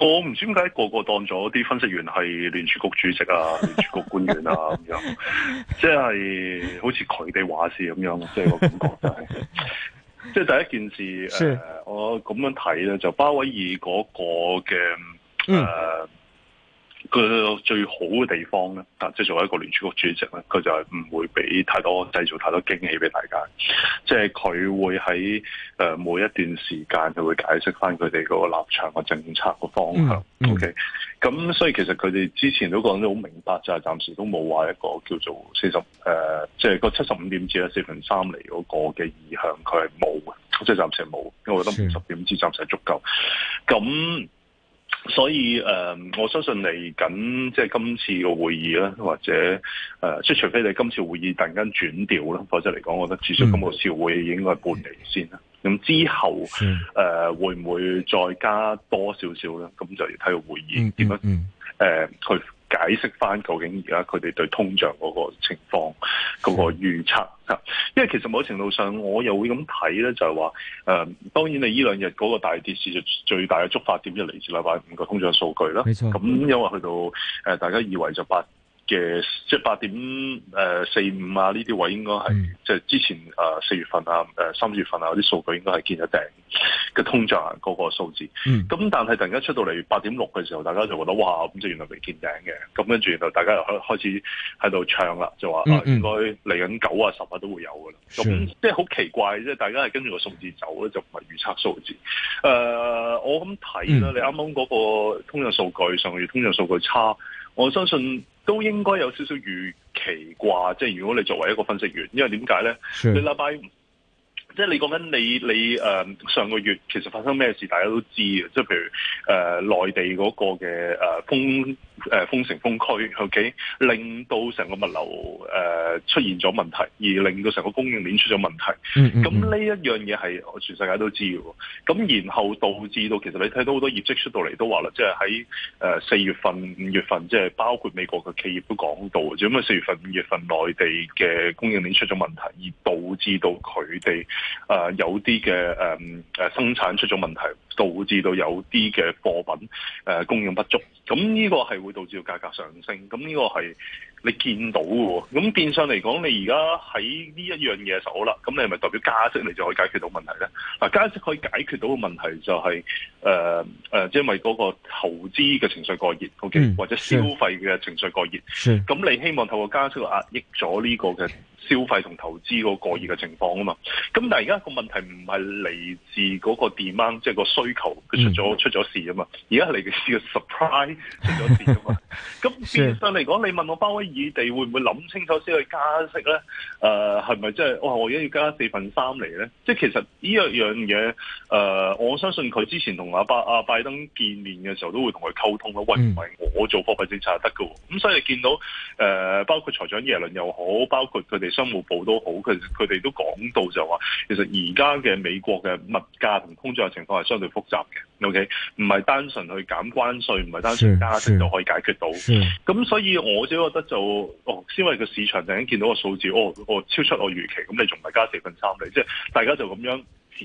我唔知點解個個當咗啲分析員係聯儲局主席啊、聯儲局官員啊咁樣，即係 好似佢哋話事咁樣，即係我感覺 就係。即係第一件事，是呃、我咁樣睇咧，就鮑威爾嗰個嘅誒。呃嗯佢最好嘅地方咧，啊，即係作為一個聯儲局主席咧，佢就係唔會俾太多製造太多驚喜俾大家。即係佢會喺誒每一段時間，佢會解釋翻佢哋嗰個立場、個政策個方向。OK，咁所以其實佢哋之前都講得好明白，就係、是、暫時都冇話一個叫做四十誒，即、呃、係、就是、個七十五點至啊四分三釐嗰個嘅意向，佢係冇嘅，即、就、係、是、暫時冇。因為我覺得五十點至暫時係足夠。咁所以誒、呃，我相信嚟緊即係今次個會議啦，或者誒，即、呃、除非你今次會議突然間轉調啦，否則嚟講，我覺得至少今個次會議應該係半厘先啦。咁之後誒、呃，會唔會再加多少少咧？咁就要睇個會議點樣。誒，去解釋翻究竟而家佢哋對通脹嗰個情況嗰個預測，因為其實某程度上我又會咁睇咧，就係話誒，當然你呢兩日嗰個大跌市就最大嘅觸發點就嚟自禮拜五個通脹數據啦。咁沒錯，因為去到、呃、大家以為就八嘅即係八點誒四五啊，呢啲位應該係即係之前誒四月份啊，誒三月份啊，嗰啲數據應該係見咗頂嘅通脹嗰個數字，咁、嗯、但係突然間出到嚟八點六嘅時候，大家就覺得哇，咁即原來未見頂嘅，咁跟住然後就大家又開開始喺度唱啦，就話啊、嗯、應該嚟緊九啊十啊都會有噶啦，咁即係好奇怪，即係大家係跟住個數字走咧，就唔係預測數字。誒、呃，我咁睇啦，嗯、你啱啱嗰個通脹數據，上個月通脹數據差，我相信。都應該有少少預期啩，即係如果你作為一個分析員，因為點解咧？你禮拜五即係你講緊你你誒上個月其實發生咩事，大家都知嘅，即係譬如誒、呃、內地嗰個嘅誒、呃、風。誒封城封區，O K，令到成個物流誒出現咗問題，而令到成個供應鏈出咗問題。咁呢一樣嘢係全世界都知嘅喎。咁然後導致到，其實你睇到好多業績出到嚟都話啦，即係喺誒四月份、五月份，即係包括美國嘅企業都講到，就因為四月份、五月份內地嘅供應鏈出咗問題，而導致到佢哋誒有啲嘅誒誒生產出咗問題。導致到有啲嘅貨品誒、呃、供應不足，咁呢個係會導致到價格上升，咁呢個係。你見到喎，咁變相嚟講，你而家喺呢一樣嘢就好啦，咁你係咪代表加息，你就可以解決到問題咧？嗱，加息可以解決到嘅問題就係誒誒即係因為嗰個投資嘅情緒過熱，OK，或者消費嘅情緒過熱，咁你希望透過加息壓抑咗呢個嘅消費同投資個過熱嘅情況啊嘛。咁但係而家個問題唔係嚟自嗰個 demand，即係個需求佢出咗、嗯、出咗事啊嘛。你而家係嚟嘅 supply 出咗事啊嘛。咁變相嚟講，你問我包你哋會唔會諗清楚先去加息咧？誒、uh, 就是，係咪真係我而家要加四分三嚟咧？即係其實呢一樣嘢，誒、uh,，我相信佢之前同阿巴阿拜登見面嘅時候，都會同佢溝通啦。喂，唔係、mm. 我做貨幣政策得㗎喎。咁、嗯、所以見到誒、呃，包括財長耶倫又好，包括佢哋商務部都好，佢佢哋都講到就話，其實而家嘅美國嘅物價同通脹情況係相對複雜嘅。O K，唔係單純去減關稅，唔係單純加息就可以解決到。咁所以我自己覺得就，哦，因為個市場突然見到個數字，我、哦、我、哦、超出我預期，咁你仲係加四分三釐，即係大家就咁樣。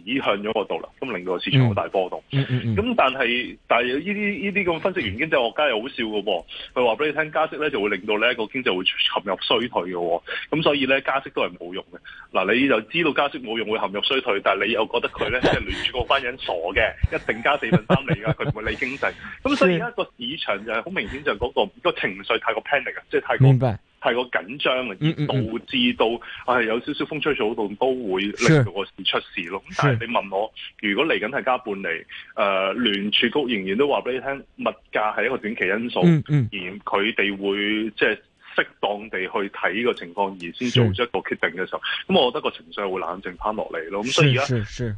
已向咗嗰度啦，咁令到個市場好大波動。咁、嗯嗯嗯、但係，但係呢啲依啲咁分析經濟學家又好笑嘅噃。佢話俾你聽，加息咧就會令到咧個經濟會陷入衰退噶。咁所以咧，加息都係冇用嘅。嗱，你就知道加息冇用，會陷入衰退。但係你又覺得佢咧，即係聯儲嗰班人傻嘅，一定加四分三釐噶，佢唔 會理經濟。咁所以而家個市場就係好明顯就嗰、個、個情緒太過 panic 啊，即係太過。係個緊張啊，導致到係、嗯嗯、有少少風吹草動都會令到個事出事咯。是但係你問我，如果嚟緊係加半厘，誒聯儲局仍然都話俾你聽，物價係一個短期因素，嗯嗯、而佢哋會即係適當地去睇呢個情況，而先做出一個決定嘅時候，咁是、嗯、我覺得個情緒會冷靜翻落嚟咯。咁所以而家。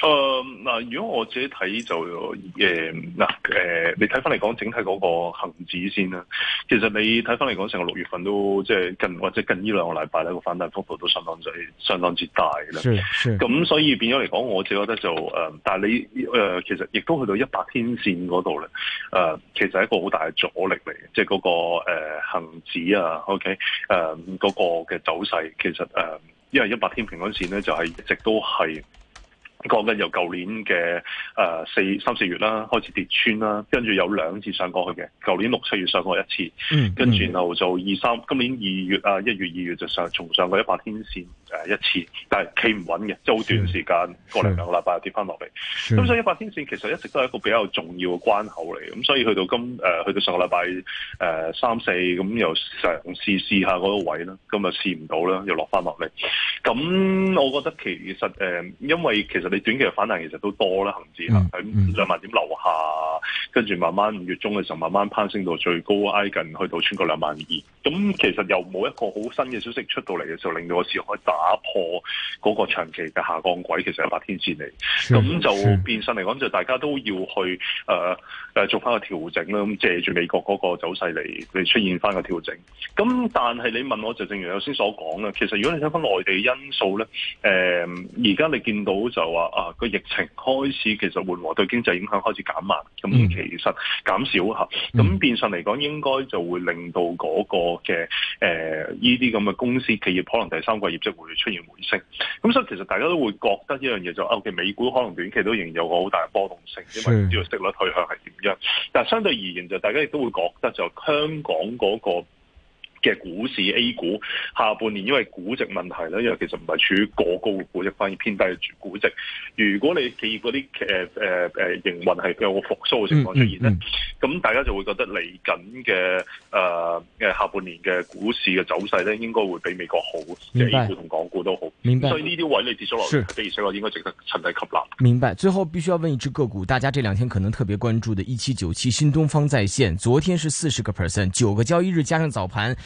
誒，嗱、呃，如果我自己睇就誒，嗱、呃，誒、呃呃，你睇翻嚟講整體嗰個恒指先啦。其實你睇翻嚟講，成個六月份都即係近，或者近呢兩個禮拜咧，個反彈幅度都相當相當之大啦。係係。咁所以變咗嚟講，我自己覺得就誒、呃，但係你誒、呃，其實亦都去到一百天線嗰度咧。誒、呃，其實係一個好大嘅阻力嚟嘅，即係嗰、那個誒恒、呃、指啊，OK，誒、呃、嗰、那個嘅走勢，其實誒、呃，因為一百天平均線咧，就係、是、一直都係。講緊由舊年嘅誒四三四月啦，開始跌穿啦，跟住有兩次上過去嘅。舊年六七月上過一次，跟住然後就二三今年二月啊一月二月就上重上過一百天線。呃、一次，但係企唔穩嘅，周短時間是過嚟兩個禮拜又跌翻落嚟。咁是所以一百天線其實一直都係一個比較重要嘅關口嚟，咁所以去到今誒、呃、去到上個禮拜誒三四，咁、嗯、又嘗試試下嗰個位啦，咁啊試唔到啦，又落翻落嚟。咁我覺得其實誒、呃，因為其實你短期嘅反彈其實都多啦，恆指喺兩萬點樓下，跟住、嗯嗯、慢慢五月中嘅時候慢慢攀升到最高，挨近去到穿過兩萬二。咁其實又冇一個好新嘅消息出到嚟嘅時候，令到個市開大。打破嗰個長期嘅下降軌，其實係百天線嚟，咁是就變相嚟講就大家都要去誒、呃、做翻個調整啦。咁借住美國嗰個走勢嚟嚟出現翻個調整。咁但係你問我，就正如頭先所講啦，其實如果你睇翻內地因素咧，誒而家你見到就話啊個疫情開始其實緩和，對經濟影響開始減慢，咁、嗯、其實減少咁、嗯、變相嚟講應該就會令到嗰個嘅誒呢啲咁嘅公司企業可能第三季業績。會出現回升，咁、嗯、所以其實大家都會覺得呢樣嘢就 OK，、是啊、美股可能短期都仍然有個好大嘅波動性，因為唔知道息率趨向係點樣。但相對而言就，大家亦都會覺得就香港嗰、那個。嘅股市 A 股下半年因為估值問題咧，因為其實唔係處於過高嘅估值，反而偏低嘅股值。如果你企業嗰啲誒誒誒營運係有個復蘇嘅情況出現咧，咁、嗯嗯嗯、大家就會覺得嚟緊嘅誒誒下半年嘅股市嘅走勢咧，應該會比美國好，即係白 A 股同港股都好。明白，所以呢啲位你跌咗落，去是，而且話應該值得趁低吸納。明白。最後必須要問一支個股，大家這兩天可能特別關注嘅一七九七新東方在線，昨天是四十個 percent，九個交易日加上早盤。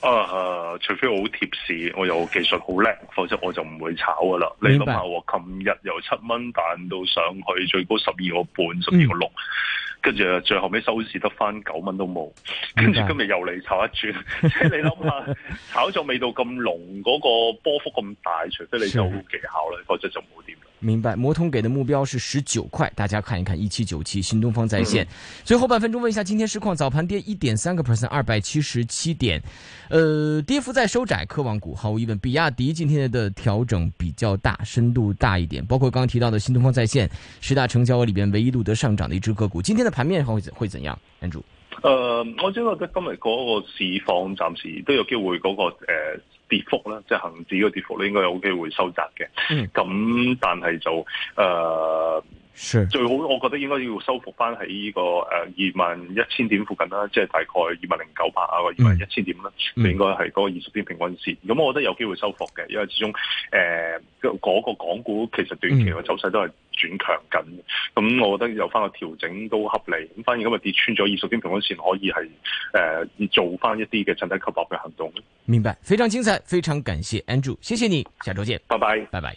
啊！除非我好貼士，我又技術好叻，否則我就唔會炒㗎喇。白你諗下，我琴日由七蚊彈到上去最高十二個半，十二個六。跟住最後尾收市得翻九蚊都冇，跟住今日又嚟炒一轉，即係白 你諗下炒作味道咁濃，嗰、那個波幅咁大，除非你有技巧啦，否則就冇點。明白，摩通給的目標是十九塊，大家看一看一七九七新東方在綫。最、嗯、後半分鐘問一下今天市況，早盤跌一點三個 percent，二百七十七點，呃，跌幅在收窄，科網股毫無疑問，比亞迪今天的，的調整比較大，深度大一點，包括剛剛提到的新東方在綫，十大成交額裏邊唯一錄得上漲的一隻個股，今天的。盤面會會怎樣 Andrew、呃、我只覺得今日嗰個市況暫時都有機會嗰、個、呃跌幅啦，呃、ault, 即係恒指個跌幅咧，應該有機會收窄嘅。嗯，咁但係就誒。呃是最好我覺得應該要修復翻喺呢個誒二萬一千點附近啦，即係大概二萬零九百啊，二萬一千點啦，應該係嗰二十天平均線。咁、嗯、我覺得有機會修復嘅，因為始終誒嗰個港股其實短期嘅走勢都係轉強緊。咁、嗯、我覺得有翻個調整都合理。咁反而今日跌穿咗二十天平均線，可以係誒、呃、做翻一啲嘅趁低吸納嘅行動。明白，非常精彩，非常感謝 Andrew，謝謝你，下周見，拜拜，拜拜。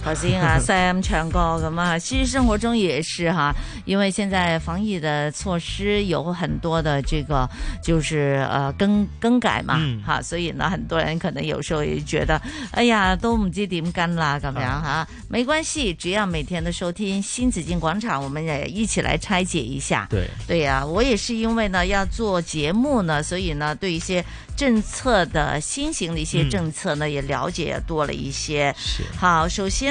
好聽啊，三 M 唱歌，咁啊，其實生活中也是哈，因為現在防疫的措施有很多的這個，就是呃更更改嘛，哈、嗯，所以呢，很多人可能有時候也覺得，哎呀，都唔知點跟啦，咁樣哈、啊啊，沒關係，只要每天都收聽《新紫荊廣場》，我們也一起來拆解一下。對，對呀、啊，我也是因為呢要做節目呢，所以呢，對一些政策的新型的一些政策呢，嗯、也了解多了一些。是，好，首先。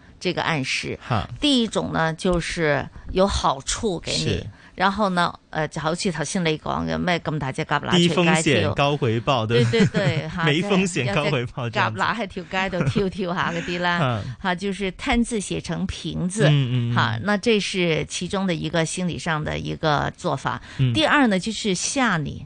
這個暗示，第一種呢，就是有好處給你，哈然後呢，呃，好似頭先你講，邊有咁大隻蛤乸隨街跳，低風險高回報對對，對對對，哈沒風險高回報，噉樣。蛤乸喺條街度跳跳下嗰啲啦，哈，哈，就是貪字寫成貧字，嗯嗯，好，那這是其中的一個心理上的一個做法。嗯、第二呢，就是嚇你。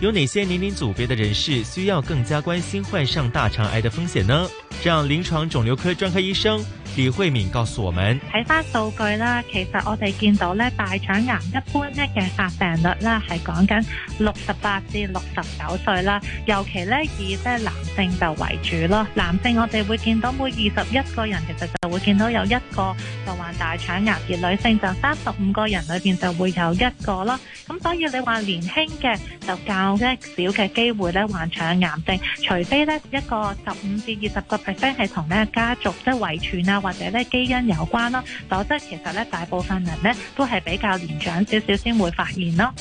有哪些年齡組別的人士需要更加關心患上大腸癌的風險呢？讓臨床腫瘤科專科醫生李慧敏告訴我們：睇翻數據啦，其實我哋見到咧，大腸癌一般咧嘅發病率啦係講緊六十八至六十九歲啦，尤其咧以即係男性就為主咯。男性我哋會見到每二十一個人其實就會見到有一個就患大腸癌，而女性就三十五個人裏邊就會有一個咯。咁所以你話年輕嘅就較。有啲少嘅機會咧患腸癌症，除非咧一個十五至二十個 percent 係同咧家族即係遺傳啊或者咧基因有關咯，否則其實咧大部分人咧都係比較年長少少先會發現咯。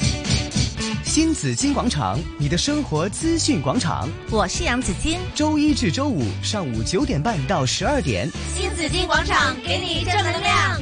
新紫荊廣場，你的生活資訊廣場，我是楊子矜，周一至周五上午九點半到十二點，新紫荊廣場給你正能量。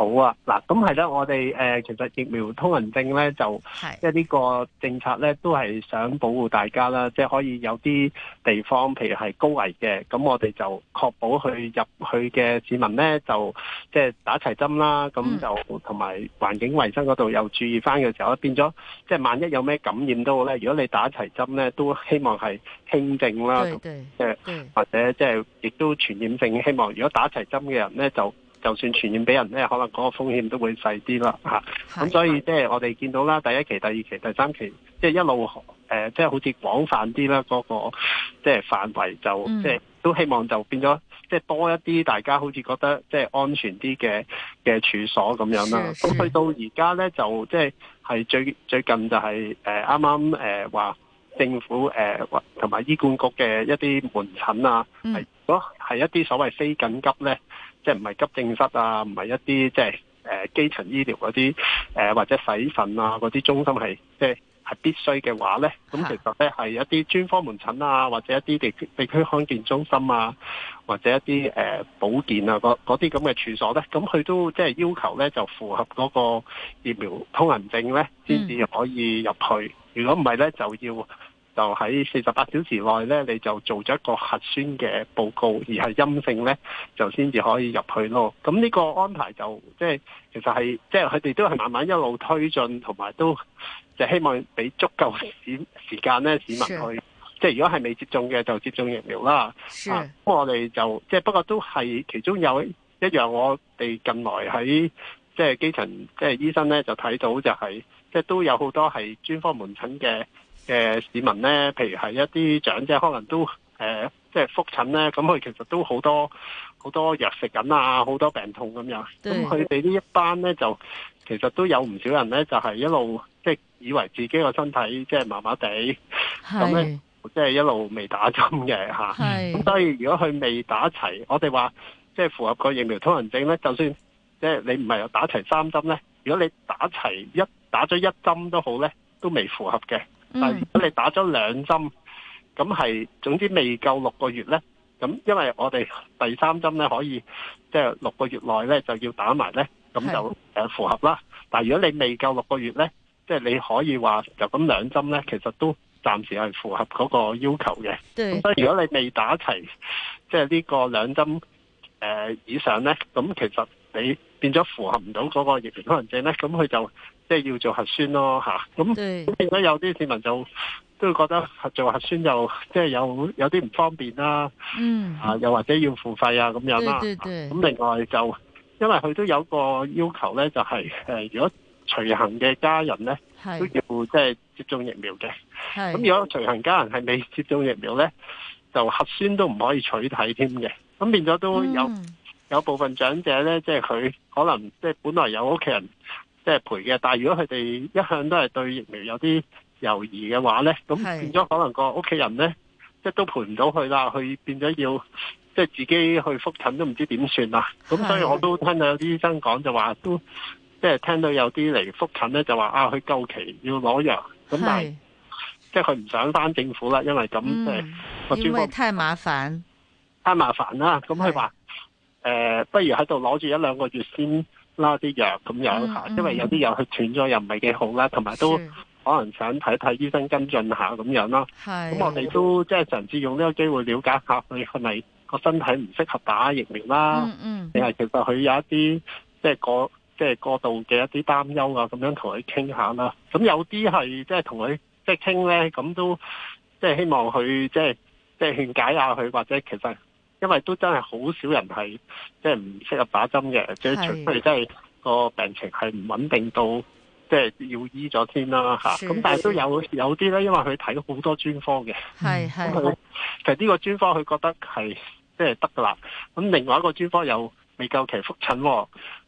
好啊，嗱，咁係啦，我哋誒，其實疫苗通行證咧，就即係呢個政策咧，都係想保護大家啦，即係可以有啲地方，譬如係高危嘅，咁我哋就確保去入去嘅市民咧，就即係打齊針啦，咁就同埋環境衞生嗰度又注意翻嘅時候，變咗即係萬一有咩感染都好咧，如果你打齊針咧，都希望係輕症啦，即係或者即係亦都傳染性，希望如果打齊針嘅人咧就。就算傳染俾人咧，可能嗰個風險都會細啲啦，嚇。咁所以即係我哋見到啦，第一期、第二期、第三期，即係一路誒，即係好似廣泛啲啦，嗰個即係範圍就即係都希望就變咗，即係多一啲大家好似覺得即係安全啲嘅嘅處所咁樣啦。咁去到而家咧，就即係係最最近就係誒啱啱誒話政府誒同埋醫管局嘅一啲門診啊，係如果係一啲所謂非緊急咧。即係唔係急症室啊，唔係一啲即係誒、呃、基層醫療嗰啲誒或者洗腎啊嗰啲中心係即係係必須嘅話咧，咁其實咧係一啲專科門診啊，或者一啲地區地區康健中心啊，或者一啲誒、呃、保健啊嗰啲咁嘅處所咧，咁佢都即係要求咧就符合嗰個疫苗通行證咧，先至可以入去。如果唔係咧就要。就喺四十八小時內咧，你就做咗一個核酸嘅報告，而係陰性咧，就先至可以入去咯。咁呢個安排就即係其實係即係佢哋都係慢慢一路推進，同埋都就是希望俾足夠時時間咧市民去。是的即係如果係未接種嘅，就接種疫苗啦。咁的、啊、我哋就即係不過都係其中有一樣樣，我哋近來喺即係基層即係醫生咧就睇到就係、是、即係都有好多係專科門診嘅。嘅市民咧，譬如係一啲長者，可能都、呃、即係復診咧，咁佢其實都好多好多藥食緊啊，好多病痛咁樣。咁佢哋呢一班咧，就其實都有唔少人咧，就係、係、一路即係以為自己個身體係即係麻麻地，咁咧即係一路未打針嘅咁係所以如果佢未打齊，我哋話即係符合個疫苗通行證咧，就算即係你唔係有打齊三針咧，如果你打齊一打咗一針都好咧，都未符合嘅。嗯、但如果你打咗兩針，咁係總之未夠六個月呢。咁因為我哋第三針呢，可以即係、就是、六個月內呢，就要打埋呢。咁就誒符合啦。的但如果你未夠六個月呢，即、就、係、是、你可以話就咁兩針呢，其實都暫時係符合嗰個要求嘅。咁所以如果你未打齊，即係呢個兩針誒以上呢，咁其實你。變咗符合唔到嗰個疫苗通行證咧，咁佢就即係、就是、要做核酸咯嚇。咁變變咗有啲市民就都會覺得做核酸又即係有有啲唔方便啦、啊。嗯，啊又或者要付費啊咁樣啦。咁另外就因為佢都有個要求咧，就係、是、如果隨行嘅家人咧是都要即係接種疫苗嘅。咁是如果隨行家人係未接種疫苗咧，就核酸都唔可以取締添嘅。咁變咗都有。嗯有部分長者咧，即係佢可能即係本來有屋企人即係陪嘅，但係如果佢哋一向都係對疫苗有啲猶豫嘅話咧，咁變咗可能個屋企人咧即係都陪唔到佢啦，佢變咗要即係、就是、自己去覆診都唔知點算啦。咁所以我都聽到有啲醫生講就話，都即係聽到有啲嚟覆診咧就話啊，佢夠期要攞藥，咁但係即係佢唔想返政府啦，因為咁即因為太麻煩，太麻煩啦。咁佢話。誒、呃，不如喺度攞住一兩個月先啦啲藥咁樣吓，嗯嗯、因為有啲藥佢斷咗又唔係幾好啦，同埋、嗯、都可能想睇睇醫生跟進下咁樣啦係，咁、嗯、我哋都、嗯、即係嘗試用呢個機會了解下佢係咪個身體唔適合打疫苗啦、嗯，嗯嗯，定係其實佢有一啲即係過即係過度嘅一啲擔憂啊，咁樣同佢傾下啦。咁有啲係即係同佢即係傾咧，咁都即係希望佢即係即係勸解下佢，或者其實。因為都真係好少人係即係唔適合打針嘅，即係的除非真係，個病情係唔穩定到即係要醫咗先啦吓。咁的但係都有有啲咧，因為佢睇好多專科嘅，咁佢其實呢個專科佢覺得係即係得噶啦。咁另外一個專科又未夠期復診，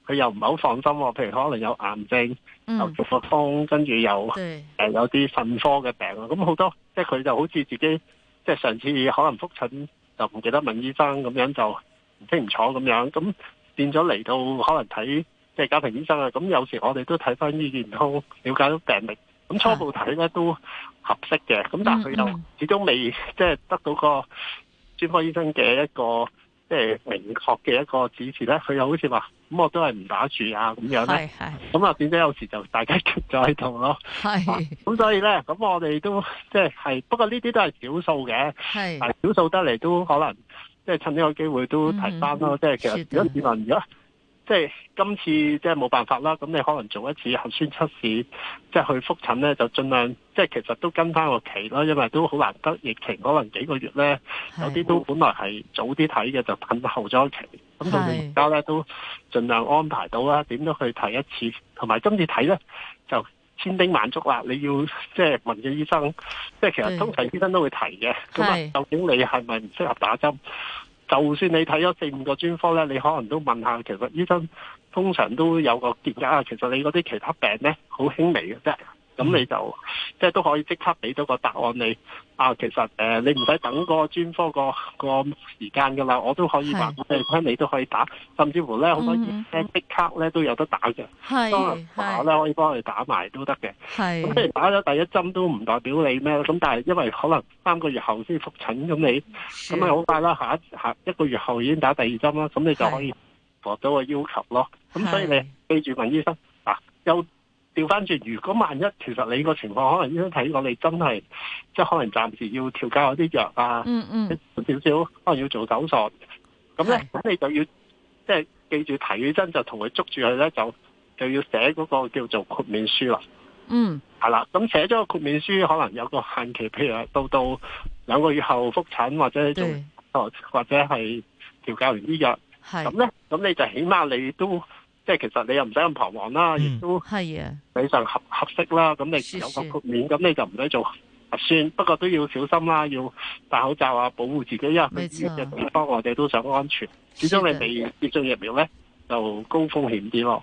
佢又唔係好放心，哦。譬如可能有癌症，嗯、有結核方，跟住有誒的、呃、有啲腎科嘅病咯。咁好多即係佢就好似自己即係上次可能復診。就唔記得問醫生咁樣，就唔清唔楚咁樣，咁變咗嚟到可能睇即係家庭醫生啊。咁有時我哋都睇翻醫健通，了解到病歷，咁初步睇咧都合適嘅。咁但係佢又始終未即係得到個專科醫生嘅一個。即係明確嘅一個指示咧，佢又好似話，咁、嗯、我都係唔打住啊咁樣咧。咁啊是是 變咗有時就大家決咗喺度咯。係是是、啊，咁所以咧，咁我哋都即係係，不過呢啲都係少數嘅。係是、啊，少數得嚟都可能即係趁呢個機會都提翻咯。嗯嗯，即係其實如果市民如果……的即係今次即係冇辦法啦，咁你可能做一次核酸測試，即係去覆診咧，就儘量即係其實都跟翻個期咯，因為都好難得疫情可能幾個月咧，是有啲都本來係早啲睇嘅就等後咗期，咁到而家咧都儘量安排到啦，點都去睇一次，同埋今次睇咧就千叮萬囑啦，你要即係問嘅醫生，即係其實通常醫生都會提嘅，咁是究竟你係咪唔適合打針？就算你睇咗四五個專科咧，你可能都問下，其實醫生通常都有個見解啊。其實你嗰啲其他病咧，好輕微嘅啫。咁你就即係都可以即刻俾到個答案你啊，其實誒、呃、你唔使等個專科、嗰個、嗰個時間㗎啦，我都可以話，俾你聽是你都可以打，甚至乎咧好多可即刻咧都有得打嘅，當人是打咧是可以幫你打埋都得嘅。咁雖然打咗第一針都唔代表你咩，咁但係因為可能三個月後先復診你，咁你咁咪好快啦下一，下一個月後已經打第二針啦，咁你就可以達到個要求咯。咁是所以你記住問醫生休。啊。調翻轉，如果萬一，其實你個情況可能已經睇過你真係即係可能暫時要調教下啲藥啊，嗯嗯，嗯少少可能要做手術，咁咧，咁是你就要即係記住睇真就同佢捉住佢咧，就是、就，呢就，就要寫嗰個叫做豁免書啦。嗯，係啦，咁寫咗個豁免書，可能有個限期，譬如到到兩個月後復診，或者做，或對或者係調教完啲藥，係咁咧，咁你就起碼你都。即係其實你又唔使咁彷徨啦，亦都理論上合合適啦。咁、嗯、你持有個豁免，咁你就唔使做核酸，不過都要小心啦，要戴口罩啊，保護自己，啊，因為去嘅地方我哋都想安全。始終你未接種疫苗咧，就高風險啲咯。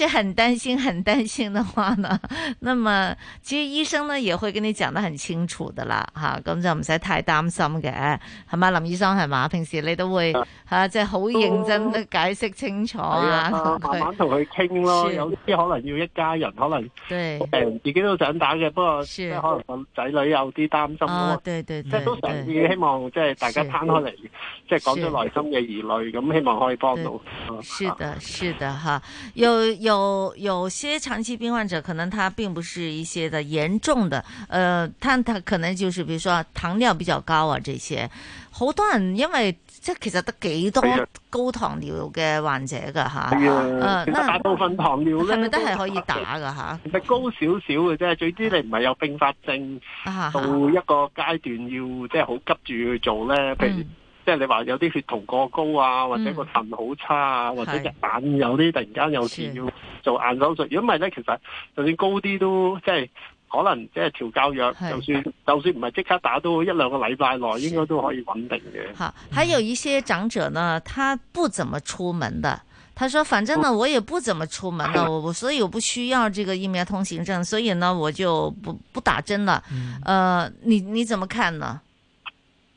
即係很擔心，很擔心的話呢？那麼其實醫生呢也會跟你講得很清楚的啦，吓，咁就唔使太擔心嘅，係嘛？林醫生係嘛？平時你都會吓即係好認真的解釋清楚啊，慢慢同佢傾咯，有啲可能要一家人可能，誒，自己都想打嘅，不過可能個仔女有啲擔心咯，對對，即係都嘗試希望即係大家攤開嚟，即係講出內心嘅疑慮，咁希望可以幫到。是的，是的，哈，又。有有些長期病患者，可能他並不是一些的嚴重的，呃，他他可能就是，比如說糖尿比較高啊，這些，好多人因為即係其實得幾多高糖尿嘅患者噶吓，的啊，大部的、啊、分糖尿咧都係咪都係可以打噶吓？咪高少少嘅啫，最知你唔係有併發症、啊、到一個階段要即係好急住去做咧，譬如。嗯即係你話有啲血糖過高啊，或者個腎好差啊，嗯、或者隻眼有啲突然間有事要做眼手術，如果唔係咧，其實就算高啲都即係可能即係調教藥的，就算就算唔係即刻打都一兩個禮拜內應該都可以穩定嘅。吓，還有一些長者呢，他不怎麼出門的，他說：反正呢，我也不怎麼出門了，我我所以我不需要這個疫苗通行證，所以呢，我就不不打針了。嗯，呃，你你怎麼看呢？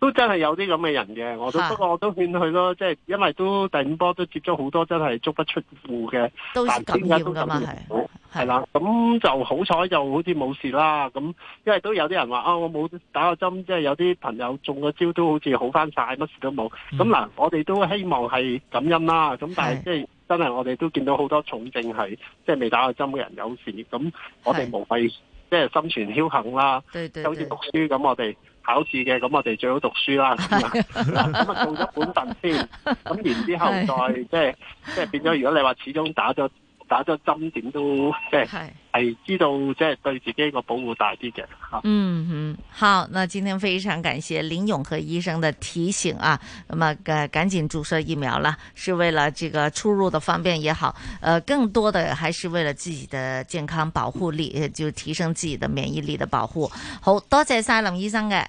都真係有啲咁嘅人嘅，我都、啊、不過我都勸佢咯，即係因為都第五波都接咗好多真係足不出戶嘅，都係緊要噶嘛係，係啦、啊，咁、啊、就，就好彩就好似冇事啦，咁因為都有啲人話、哦嗯、啊，我冇打個針，即係有啲朋友中個招都好似好翻曬，乜事都冇。咁嗱，我哋都希望係感恩啦，咁但係即係真係我哋都見到好多重症係即係未打個針嘅人有事，咁我哋無謂是即係心存僥倖啦，好似讀書，咁我哋。考試嘅咁我哋最好讀書啦，咁啊做咗本份先，咁 然之後再 即係即係變咗。如果你話始終打咗打咗針，點都即係係 知道即係對自己個保護大啲嘅吓。嗯嗯、mm，hmm. 好，那今天非常感謝林永和醫生嘅提醒啊，咁啊趕趕緊注射疫苗啦，是為了這個出入的方便也好，呃，更多的還是為了自己的健康保護力，就提升自己的免疫力的保護。好多謝晒林醫生嘅、啊。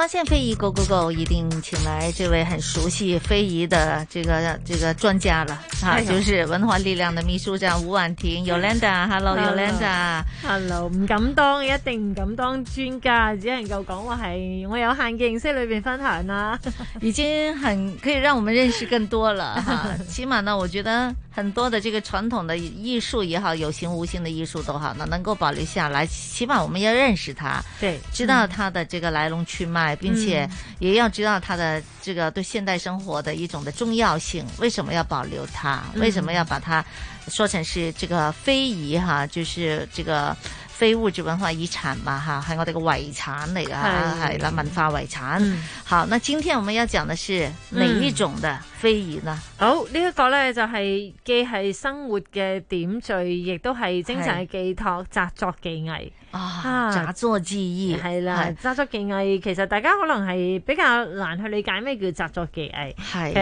發現非遺 go，Go Go Go！一定請來這位很熟悉非遺的這個這個專家了的啊，就是文化力量的秘書長伍婉婷 Yolanda，Hello，Yolanda。Anda, Hello，唔 Hello, 敢當，一定唔敢當專家，只能夠講話係我有限嘅認識裏邊分享啦，已經很可以讓我們認識更多了哈。啊、 起碼呢，我覺得很多的這個傳統的藝術也好，有形無形的藝術都好，能夠保留下來，起碼我們要認識它，對，知道它的這個來龍去脈、嗯。去脈並且也要知道它的這個對現代生活的一種的重要性，為什麼要保留它？為什麼要把它說成是這個非遺哈？就是這個非物質文化遺產嘛哈，係我哋嘅遺產嚟噶，係啦的文化遺產。嗯、好，那今天我們要講的是哪一種的非遺呢、嗯？好，這個、呢一個咧就係、是、既係生活嘅點綴，亦都係精神嘅寄託，紮的作技藝。哦、啊！紮作之義係啦，紮作技藝其實大家可能係比較難去理解咩叫紮作技藝。係誒誒，紮、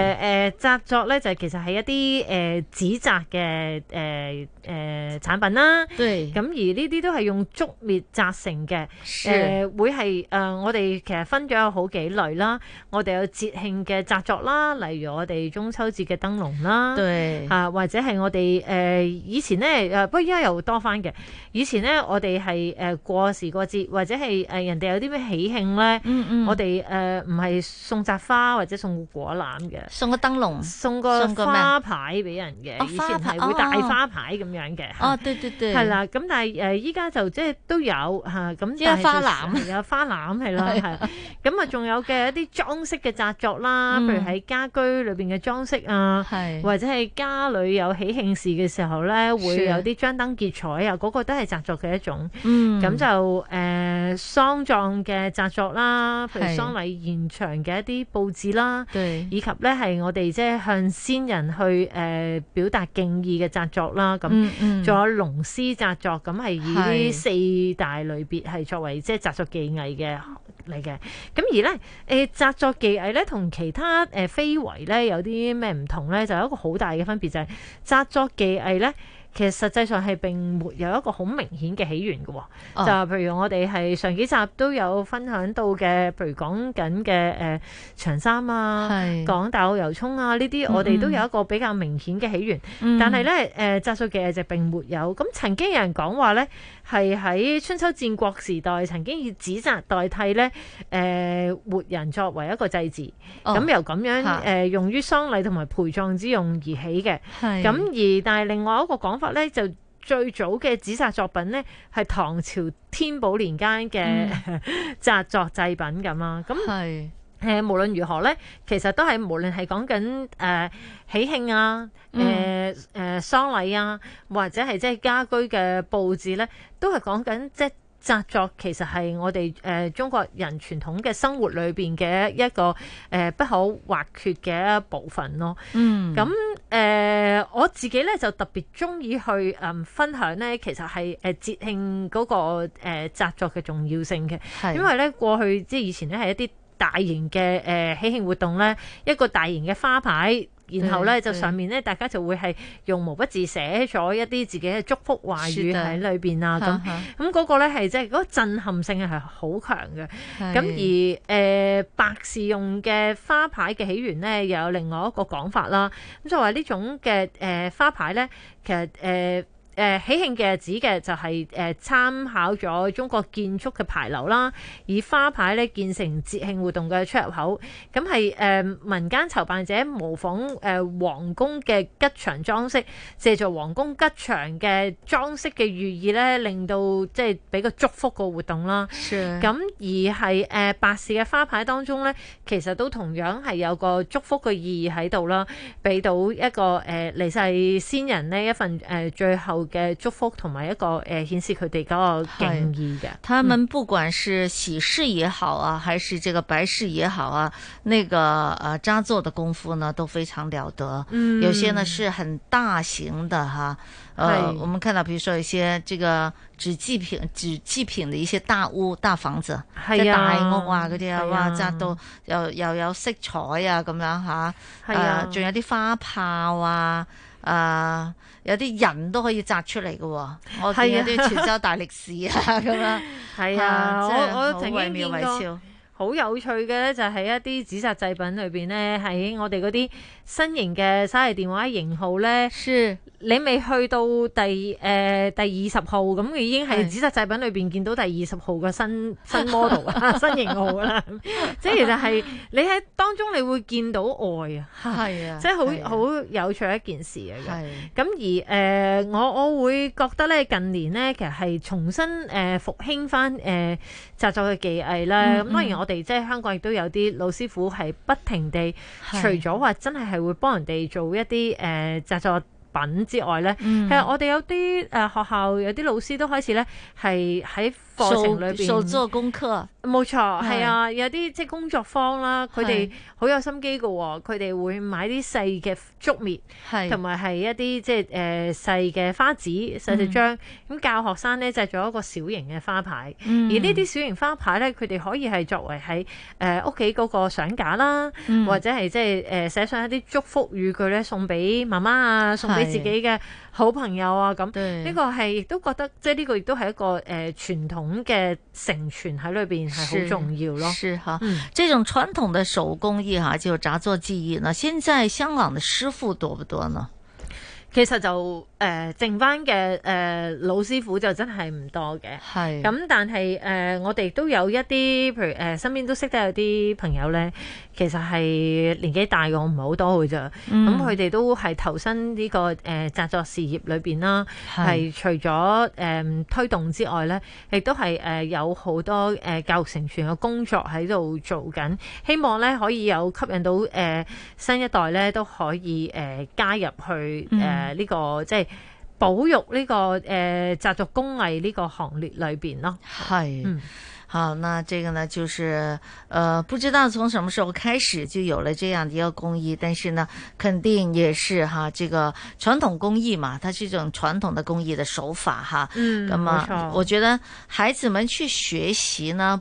呃、作咧就係其實係一啲誒、呃、紙紮嘅誒誒產品啦。對，咁而呢啲都係用竹篾紮成嘅。係誒、呃，會係、呃、我哋其實分咗有好幾類啦。我哋有節慶嘅紮作啦，例如我哋中秋節嘅燈籠啦。對，啊、呃、或者係我哋誒、呃、以前咧誒、呃，不過而家又多返嘅。以前咧我哋係。誒過時過節，或者係誒人哋有啲咩喜慶咧，我哋誒唔係送扎花或者送果籃嘅，送個燈籠，送個花牌俾人嘅。以前係會帶花牌咁樣嘅，嚇，係啦。咁但係誒，依家就即係都有嚇。咁即係花籃，有花籃係啦，係咁啊，仲有嘅一啲裝飾嘅紮作啦，譬如喺家居裏邊嘅裝飾啊，或者係家裏有喜慶事嘅時候咧，會有啲張燈結彩啊，嗰個都係紮作嘅一種。咁、嗯、就誒、呃、喪葬嘅紮作啦，譬如喪禮現場嘅一啲佈置啦，是以及咧係我哋即係向先人去誒、呃、表達敬意嘅紮作啦。咁、嗯，仲、嗯、有龍獅紮作，咁係以呢四大類別係作為即係紮作技藝嘅嚟嘅。咁而咧誒紮作技藝咧，同其他誒、呃、非遺咧有啲咩唔同咧？就有一個好大嘅分別就係、是、紮作技藝咧。其實實際上係並沒有一個好明顯嘅起源嘅，哦、就係譬如我哋係上幾集都有分享到嘅，譬如講緊嘅誒長衫啊，講是大澳遊涌啊，呢啲我哋都有一個比較明顯嘅起源。嗯、但係呢，誒、呃，紮作嘅就並沒有。咁曾經有人講話呢。係喺春秋戰國時代曾經以紙紮代替咧，誒、呃、活人作為一個祭祀，咁、哦、由咁樣誒用於喪禮同埋陪葬之用而起嘅。咁是而但係另外一個講法咧，就最早嘅紙紮作品咧係唐朝天寶年間嘅紮、嗯、 作祭品咁啦。咁誒，無論如何咧，其實都係無論係講緊誒喜慶啊，誒誒喪禮啊，或者係即係家居嘅布置咧，都係講緊即係紮作，其實係我哋誒、呃、中國人傳統嘅生活裏邊嘅一個誒、呃、不可或缺嘅一部分咯。嗯那，咁、呃、誒我自己咧就特別中意去誒、嗯、分享咧，其實係誒節慶嗰個誒、呃、紮作嘅重要性嘅，是的 因為咧過去即係以前咧係一啲。大型嘅誒喜慶活動咧，一個大型嘅花牌，然後咧對就上面咧，對大家就會係用毛筆字寫咗一啲自己嘅祝福話語喺裏邊啊，咁，咁嗰、那個咧係即係嗰震撼性係好強嘅。咁的而誒白、呃、事用嘅花牌嘅起源咧，又有另外一個講法啦。咁作為呢種嘅誒、呃、花牌咧，其實誒。呃誒喜慶嘅日子嘅就係誒參考咗中國建築嘅牌樓啦，以花牌咧建成節慶活動嘅出入口，咁係誒民間籌辦者模仿誒皇宮嘅吉祥裝飾，借助皇宮吉祥嘅裝飾嘅寓意咧，令到即係俾個祝福個活動啦。咁的而係誒白事嘅花牌當中咧，其實都同樣係有個祝福嘅意義喺度啦，俾到一個誒離世先人呢一份誒最後。嘅祝福同埋一個誒，顯、呃、示佢哋嗰個敬意嘅。是嗯、他們不管是喜事也好啊，還是這個白事也好啊，那個誒紮、呃、作的功夫呢都非常了得。嗯，有些呢是很大型的哈。誒、啊是呃，我們看到，比如說一些這個紙祭品、紙祭品的一些大屋、大房子，係大屋啊嗰啲啊，哇、啊，扎到又又有色彩啊咁樣吓，係啊，仲有啲花炮啊。啊！Uh, 有啲人都可以摘出嚟嘅，我見有啲泉州大歷史啊咁樣，係啊，即係好微妙微笑好有趣嘅咧，就係一啲紙紮製品裏邊咧，喺我哋嗰啲新型嘅手機電話型號咧，是你未去到第誒、呃、第二十號，咁已經係紙紮製品裏邊見到第二十號嘅新新 model 新型號啦。 即係其實係你喺當中，你會見到愛 啊，係啊，即係好好有趣一件事嚟嘅。咁、啊、而誒、呃、我我會覺得咧，近年咧，其實係重新誒復、呃、興翻誒紮作嘅技藝啦。咁、嗯嗯、當然我。即係香港亦都有啲老師傅係不停地，是除咗話真係係會幫人哋做一啲誒紮作品之外咧，其實、嗯、我哋有啲誒學校有啲老師都開始咧係喺。做做功課，冇錯，係是啊！有啲即係工作坊啦，佢哋好有心機嘅，佢哋會買啲細嘅竹篾，係同埋係一啲即係誒細嘅花紙、細細張，咁、嗯、教學生咧製作一個小型嘅花牌。嗯、而呢啲小型花牌咧，佢哋可以係作為喺誒屋企嗰個相架啦，嗯、或者係即係誒寫上一啲祝福語句咧，送俾媽媽啊，送俾自己嘅。好朋友啊，咁呢個係亦都覺得，即係呢個亦都係一個誒、呃、傳統嘅承傳喺裏邊係好重要咯。是，是哈，嗯、這種傳統嘅手工藝哈，就紮作技藝，呢現在香港嘅師傅多不多呢？其實就誒、呃、剩翻嘅誒老師傅就真係唔多嘅，咁是、嗯、但係誒、呃、我哋都有一啲，譬如、呃、身邊都識得有啲朋友咧，其實係年紀大嘅唔係好多嘅咋。咁佢哋都係投身呢、這個誒紮、呃、作事業裏面啦，係是除咗誒、呃、推動之外咧，亦都係誒、呃、有好多誒、呃、教育成全嘅工作喺度做緊，希望咧可以有吸引到誒、呃、新一代咧都可以誒、呃、加入去誒。呃嗯誒，呢、這個即係保育呢、這個誒紮作工藝呢個行列裏邊咯，係是，嗯、好，那這個呢就是，呃，不知道從什麼時候開始就有了這樣的一個工藝，但是呢，肯定也是哈，這個傳統工藝嘛，它是一種傳統的工藝的手法哈，嗯，咁啊麼，錯我覺得孩子們去學習呢。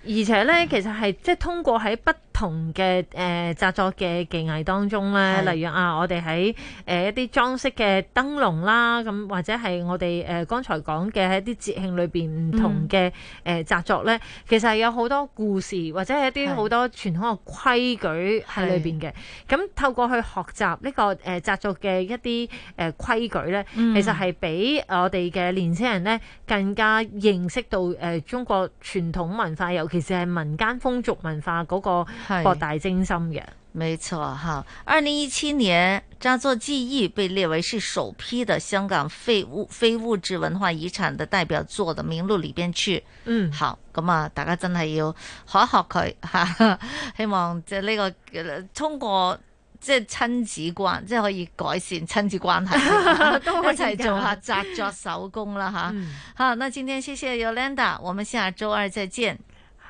而且咧，其實係即係通過喺不同嘅誒紮作嘅技藝當中咧，例如啊，我哋喺誒一啲裝飾嘅燈籠啦，咁或者係我哋誒剛才講嘅喺一啲節慶裏邊唔同嘅誒紮作咧，其實係有好多故事，或者係一啲好多傳統嘅規矩喺裏邊嘅。咁是透過去學習、這個呃呃、呢個誒紮作嘅一啲誒規矩咧，嗯、其實係俾我哋嘅年青人咧更加認識到誒、呃、中國傳統文化有。其實係民間風俗文化嗰個博大精深嘅，沒錯哈。二零一七年紮作技藝被列為是首批的香港非物非物質文化遺產的代表作的名錄裏邊去。嗯，好，咁啊，大家真係要學一學佢吓，希望即係呢個通過即係親子關，即係可以改善親子關係， 都一齊做下紮作手工啦，哈、啊。嗯、好，那今天謝謝 Yolanda，我們下周二再見。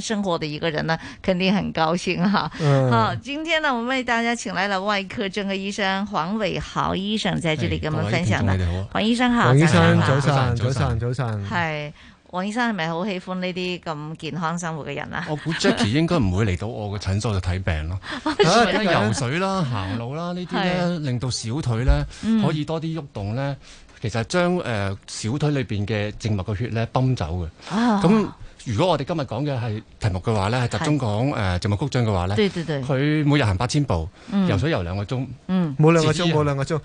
生活的一個人呢，肯定很高興哈。嗯。好，今天呢，我們為大家請來了外科專科醫生黃偉豪醫生在這裏跟我們分享啦。黃醫生好，黃醫生早晨，早晨，早晨。係，黃醫生係咪好喜歡呢啲咁健康生活嘅人啊？我估 Jacky 應該唔會嚟到我嘅診所度睇病咯。啊，睇游水啦，行路啦，呢啲咧令到小腿咧可以多啲喐動咧，其實將誒小腿裏邊嘅靜脈嘅血咧泵走嘅。啊，咁。如果我哋今日講嘅係題目嘅話咧，集中講誒靜脈曲張嘅話咧，對對對，佢每日行八千步，游水游兩個鐘，冇兩個鐘，冇兩個鐘，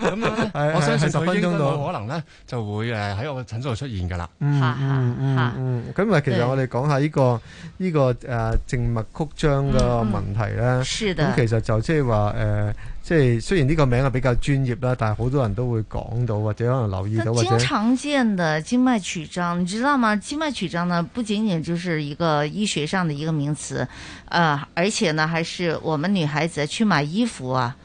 咁啊，我相信十分鐘到可能咧就會誒喺我嘅診所度出現㗎啦。嗯嗯嗯嗯，咁啊，其實我哋講下呢個呢個誒靜脈曲張嘅問題咧，咁其實就即係話誒。即係雖然呢個名係比較專業啦，但係好多人都會講到或者可能留意到或者經常見的靜脈曲張，你知道嗎？靜脈曲張呢，不僅僅就是一個醫學上的一個名詞，呃，而且呢，還是我們女孩子去買衣服啊，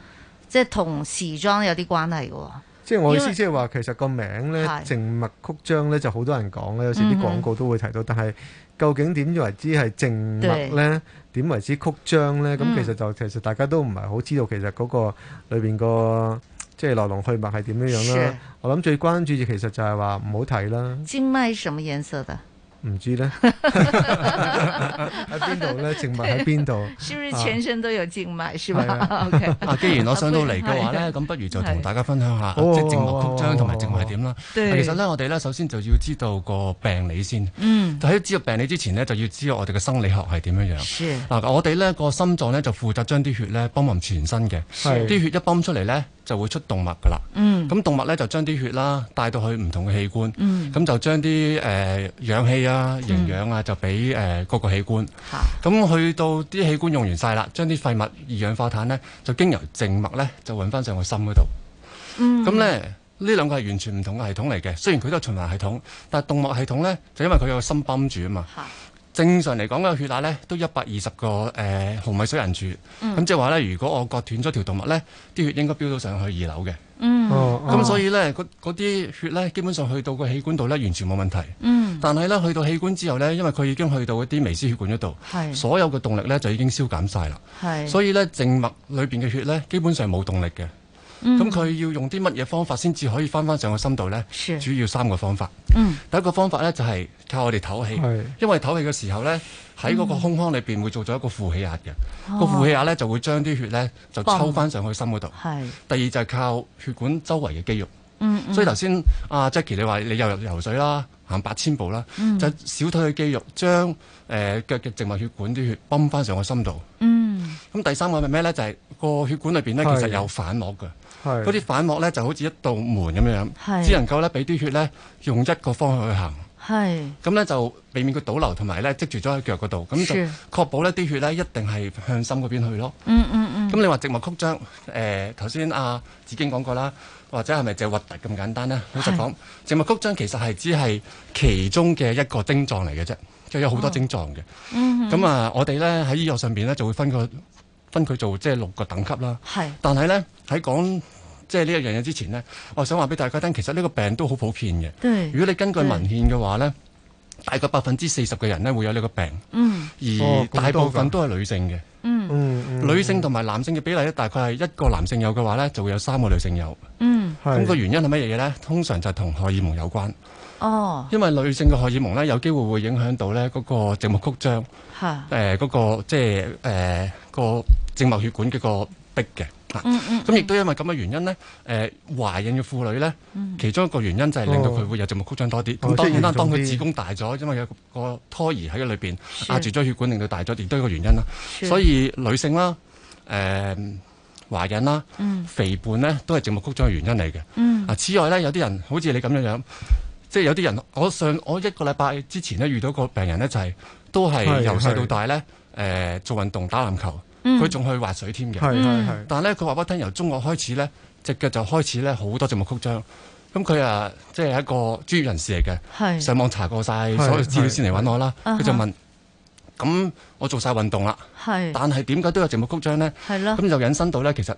即係同時裝有啲關係嘅。即係我意思，即係話其實個名咧靜脈曲張咧，就好多人講咧，有時啲廣告都會提到。但係究竟點為之係靜脈咧？點對 為之曲張咧？咁其實就其實大家都唔係好知道，其實嗰個裏面個即係來龍去脈係點樣樣啦。的我諗最關注嘅其實就係話唔好睇啦。靜脈係什麼顏色的？唔知咧，喺邊度咧？靜脈喺邊度？是不是全身都有靜脈？啊、係咪？OK，啊，okay. 既然我上到嚟嘅話咧，咁、啊、不如就同大家分享下，哦、即係靜脈曲張同埋靜脈點啦。其實咧，我哋咧首先就要知道個病理先。嗯，喺知道病理之前咧，就要知道我哋嘅生理學係點樣。是，嗱、啊，我哋咧個心臟咧就負責將啲血咧幫忙全身嘅，啲血一泵出嚟咧。就會出動脈噶、嗯、啦，咁動脈咧就將啲血啦帶到去唔同嘅器官，咁、嗯、就將啲誒、呃、氧氣啊、營養啊就俾誒、呃、各個器官，咁、嗯、去到啲器官用完晒啦，將啲廢物二氧化碳咧就經由靜脈咧就揾翻上個心嗰度，咁咧、嗯、呢兩個係完全唔同嘅系統嚟嘅，雖然佢都係循環系統，但係動脈系統咧就因為佢有個心泵住啊嘛。嗯啊。正常嚟講，個血壓咧都一百二十個誒毫、呃、米水銀柱。咁、嗯、即係話咧，如果我割斷咗條動脈咧，啲血應該飆到上去二樓嘅。咁所以咧，嗰啲血咧，基本上去到個器官度咧，完全冇問題。但係咧，去到器官之後咧，因為佢已經去到一啲微絲血管嗰度，是 所有嘅動力咧就已經消減晒啦。是 所以咧，靜脈裏邊嘅血咧，基本上冇動力嘅。咁佢、嗯、要用啲乜嘢方法先至可以翻翻上個心度咧？是主要三個方法。嗯、第一個方法咧就係靠我哋唞氣，是因為唞氣嘅時候咧，喺嗰個胸腔裏邊會做咗一個負氣壓嘅，個負氣壓咧就會將啲血咧就抽翻上去心嗰度。是第二就係靠血管周圍嘅肌肉。嗯嗯、所以頭先阿 Jackie 你話你又游，游水啦，行八千步啦，嗯、就小腿嘅肌肉將誒腳嘅靜脈血管啲血泵翻上個心度。嗯咁、嗯、第三個係咩咧？就係、是、個血管裏面咧，其實有反膜嘅，嗰啲的反膜咧就好似一道門咁樣，的只能夠咧俾啲血咧用一個方向去行。係，咁咧、嗯、就避免佢倒流同埋咧積住咗喺腳嗰度，咁就確保呢啲血咧一定係向心嗰邊去咯。嗯嗯嗯。咁、嗯嗯、你話靜脈曲張，誒頭先阿子矜講過啦，或者係咪就核突咁簡單咧？老、嗯、實講，靜脈曲張其實係只係其中嘅一個症狀嚟嘅啫，即係有好多症狀嘅。嗯、哦。咁啊，我哋咧喺醫學上邊咧就會分個分佢做即係六個等級啦。係、嗯。嗯嗯、但係咧喺講。即係呢一樣嘢之前呢，我想話俾大家聽，其實呢個病都好普遍嘅。對如果你根據文獻嘅話呢對大概百分之四十嘅人咧會有呢個病。嗯、而大部分都係女性嘅。哦的嗯、女性同埋男性嘅比例咧，大概係一個男性有嘅話呢就會有三個女性有。咁、嗯、個原因係乜嘢呢？通常就係同荷爾蒙有關。哦，因為女性嘅荷爾蒙呢，有機會會影響到呢嗰個靜脈曲張。誒的，嗰、呃嗰個即係誒、呃嗰個靜脈血管嗰個壁嘅。咁，亦都、嗯嗯嗯、因為咁嘅原因咧，誒懷孕嘅婦女咧，嗯、其中一個原因就係令到佢會有靜脈曲張多啲。咁、哦、當、哦、然啦，當佢子宮大咗，因為有個胎兒喺裏邊壓住咗血管，令到大咗，亦都一個原因啦。是所以女性啦，誒懷孕啦，嗯、肥胖咧都係靜脈曲張嘅原因嚟嘅。嗱、嗯、此外咧，有啲人好似你咁樣樣，即、就、係、是、有啲人，我上我一個禮拜之前咧遇到個病人咧，就係、是、都係由細到大咧，誒、呃、做運動打籃球。佢仲、嗯、去滑水添嘅，嗯、但係咧佢話俾我聽，由中學開始咧，隻腳就開始咧好多靜脈曲張。咁佢啊，即係一個專業人士嚟嘅，是上網查過晒所有資料先嚟揾我啦。佢就問：咁、啊、我做晒運動啦，是但係點解都有靜脈曲張咧？係咯的。咁就引申到咧，其實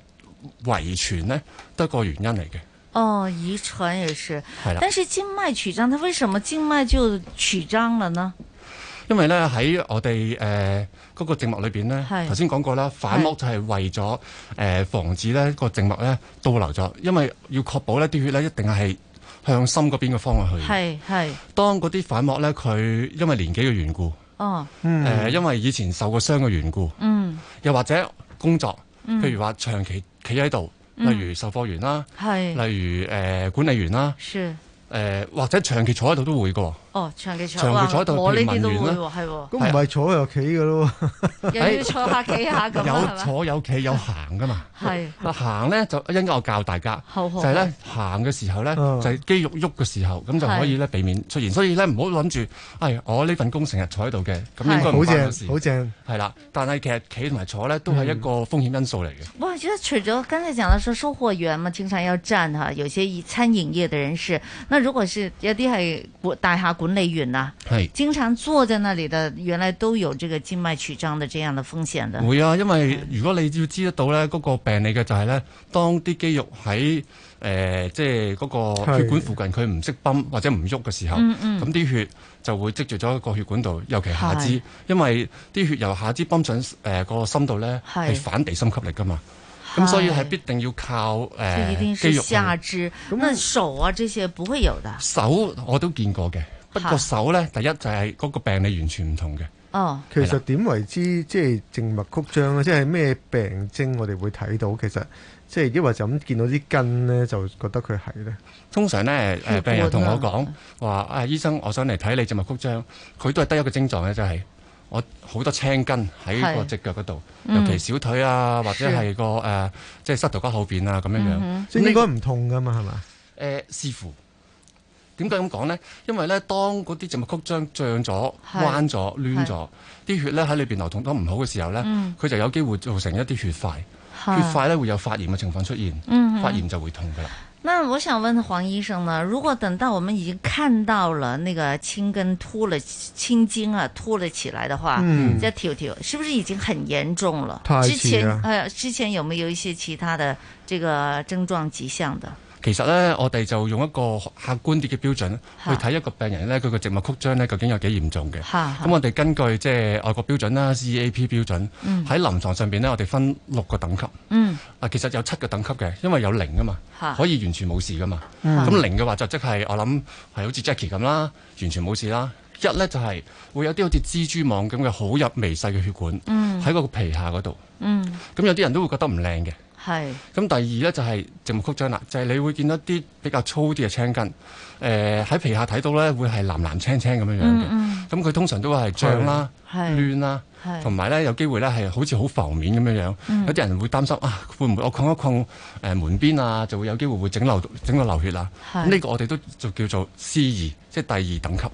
遺傳咧都係一個原因嚟嘅。哦，遺傳也是。係啦的，但是靜脈曲張，它為什麼靜脈就曲張了呢？因為咧喺我哋誒嗰個靜脈裏邊咧，頭先講過啦，瓣膜就係為咗誒、呃、防止咧個靜脈咧倒流咗，因為要確保咧啲血咧一定係向心嗰邊嘅方向去。係係。當嗰啲瓣膜咧，佢因為年紀嘅緣故，哦，誒、嗯呃、因為以前受過傷嘅緣故，嗯，又或者工作，譬如話長期企喺度，嗯、例如售貨員啦，係、嗯，例如誒、呃、管理員啦，係、呃，或者長期坐喺度都會㗎。哦，長期坐喺度，我呢邊都會喎，係喎，咁唔係坐又企嘅咯，又要坐下企下咁，係有坐有企有行噶嘛？係，行咧就一陣間我教大家，就係咧行嘅時候咧就係肌肉喐嘅時候，咁就可以咧避免出現。所以咧唔好諗住啊，我呢份工成日坐喺度嘅，咁應該唔關事。好正，好正，係啦。但係其實企同埋坐咧都係一個風險因素嚟嘅。哇！即係除咗今日成日做收貨員嘛，經常要站嚇，有些以餐飲業嘅人士，那如果是有啲係大廈，管理員啊，係經常坐在那裡的，原來都有這個靜脈曲張的這樣的風險的。會啊，因為如果你要知得到呢個病理嘅，就係呢，當啲肌肉喺，誒，即係嗰個血管附近，佢唔識泵或者唔喐嘅時候，咁啲血就會積住咗喺個血管度，尤其下肢，因為啲血由下肢泵上誒個心度呢，係反地心吸力噶嘛，咁所以係必定要靠誒肌肉下肢，噉手啊這些不會有的，手我都見過嘅。不過手咧，第一就係嗰個病理完全唔同嘅。哦，其實點為之即係靜脈曲張啊？即係咩病徵我哋會睇到？其實即係抑或就咁見到啲筋咧，就覺得佢係咧。通常咧，誒病人同我講話，啊、哎、醫生，我想嚟睇你靜脈曲張，佢都係得一個症狀嘅，就係、是、我好多青筋喺個隻腳嗰度，嗯、尤其小腿啊或者係個誒、呃、即係膝頭骨後邊啊咁樣樣。所以、嗯嗯、應該唔痛噶嘛？係嘛？誒、呃，似乎。點解咁講呢？因為咧，當嗰啲植物曲張、脹咗、彎咗、攣咗，啲血咧喺裏邊流動得唔好嘅時候咧，佢、嗯、就有機會造成一啲血塊。是血塊咧會有發炎嘅情況出現，嗯、哼發炎就會痛㗎喇。那我想問黃醫生呢？如果等到我們已經看到了那個青根凸了、青筋啊凸起來的話，再條條，是不是已經很嚴重了？啊、之前誒、啊，之前有沒有一些其他的這個症狀跡象的？其實咧，我哋就用一個客觀啲嘅標準去睇一個病人咧，佢個靜脈曲張咧究竟有幾嚴重嘅。咁、啊啊、我哋根據即係外國標準啦，CEAP 標準，喺、嗯、臨床上面咧，我哋分六個等級。嗯、啊，其實有七個等級嘅，因為有零啊嘛，啊可以完全冇事噶嘛。咁、嗯、零嘅話就即、是、係我諗係好似 Jackie 咁啦，完全冇事啦。一咧就係、是、會有啲好似蜘蛛網咁嘅好入微細嘅血管喺、嗯、個皮下嗰度。咁、嗯、有啲人都會覺得唔靚嘅。係。咁是第二咧就係靜脈曲張啦，就係、是、你會見到啲比較粗啲嘅青筋，誒、呃、喺皮下睇到咧會係藍藍青青咁樣樣嘅。咁佢、嗯嗯、通常都係脹啦、攣的啦，同埋咧有機會咧係好似好浮面咁樣樣。嗯、有啲人會擔心啊，會唔會我碰一碰誒、呃、門邊啊，就會有機會會整流整個流血啊。呢個是我哋都就叫做 C 二，即係第二等級。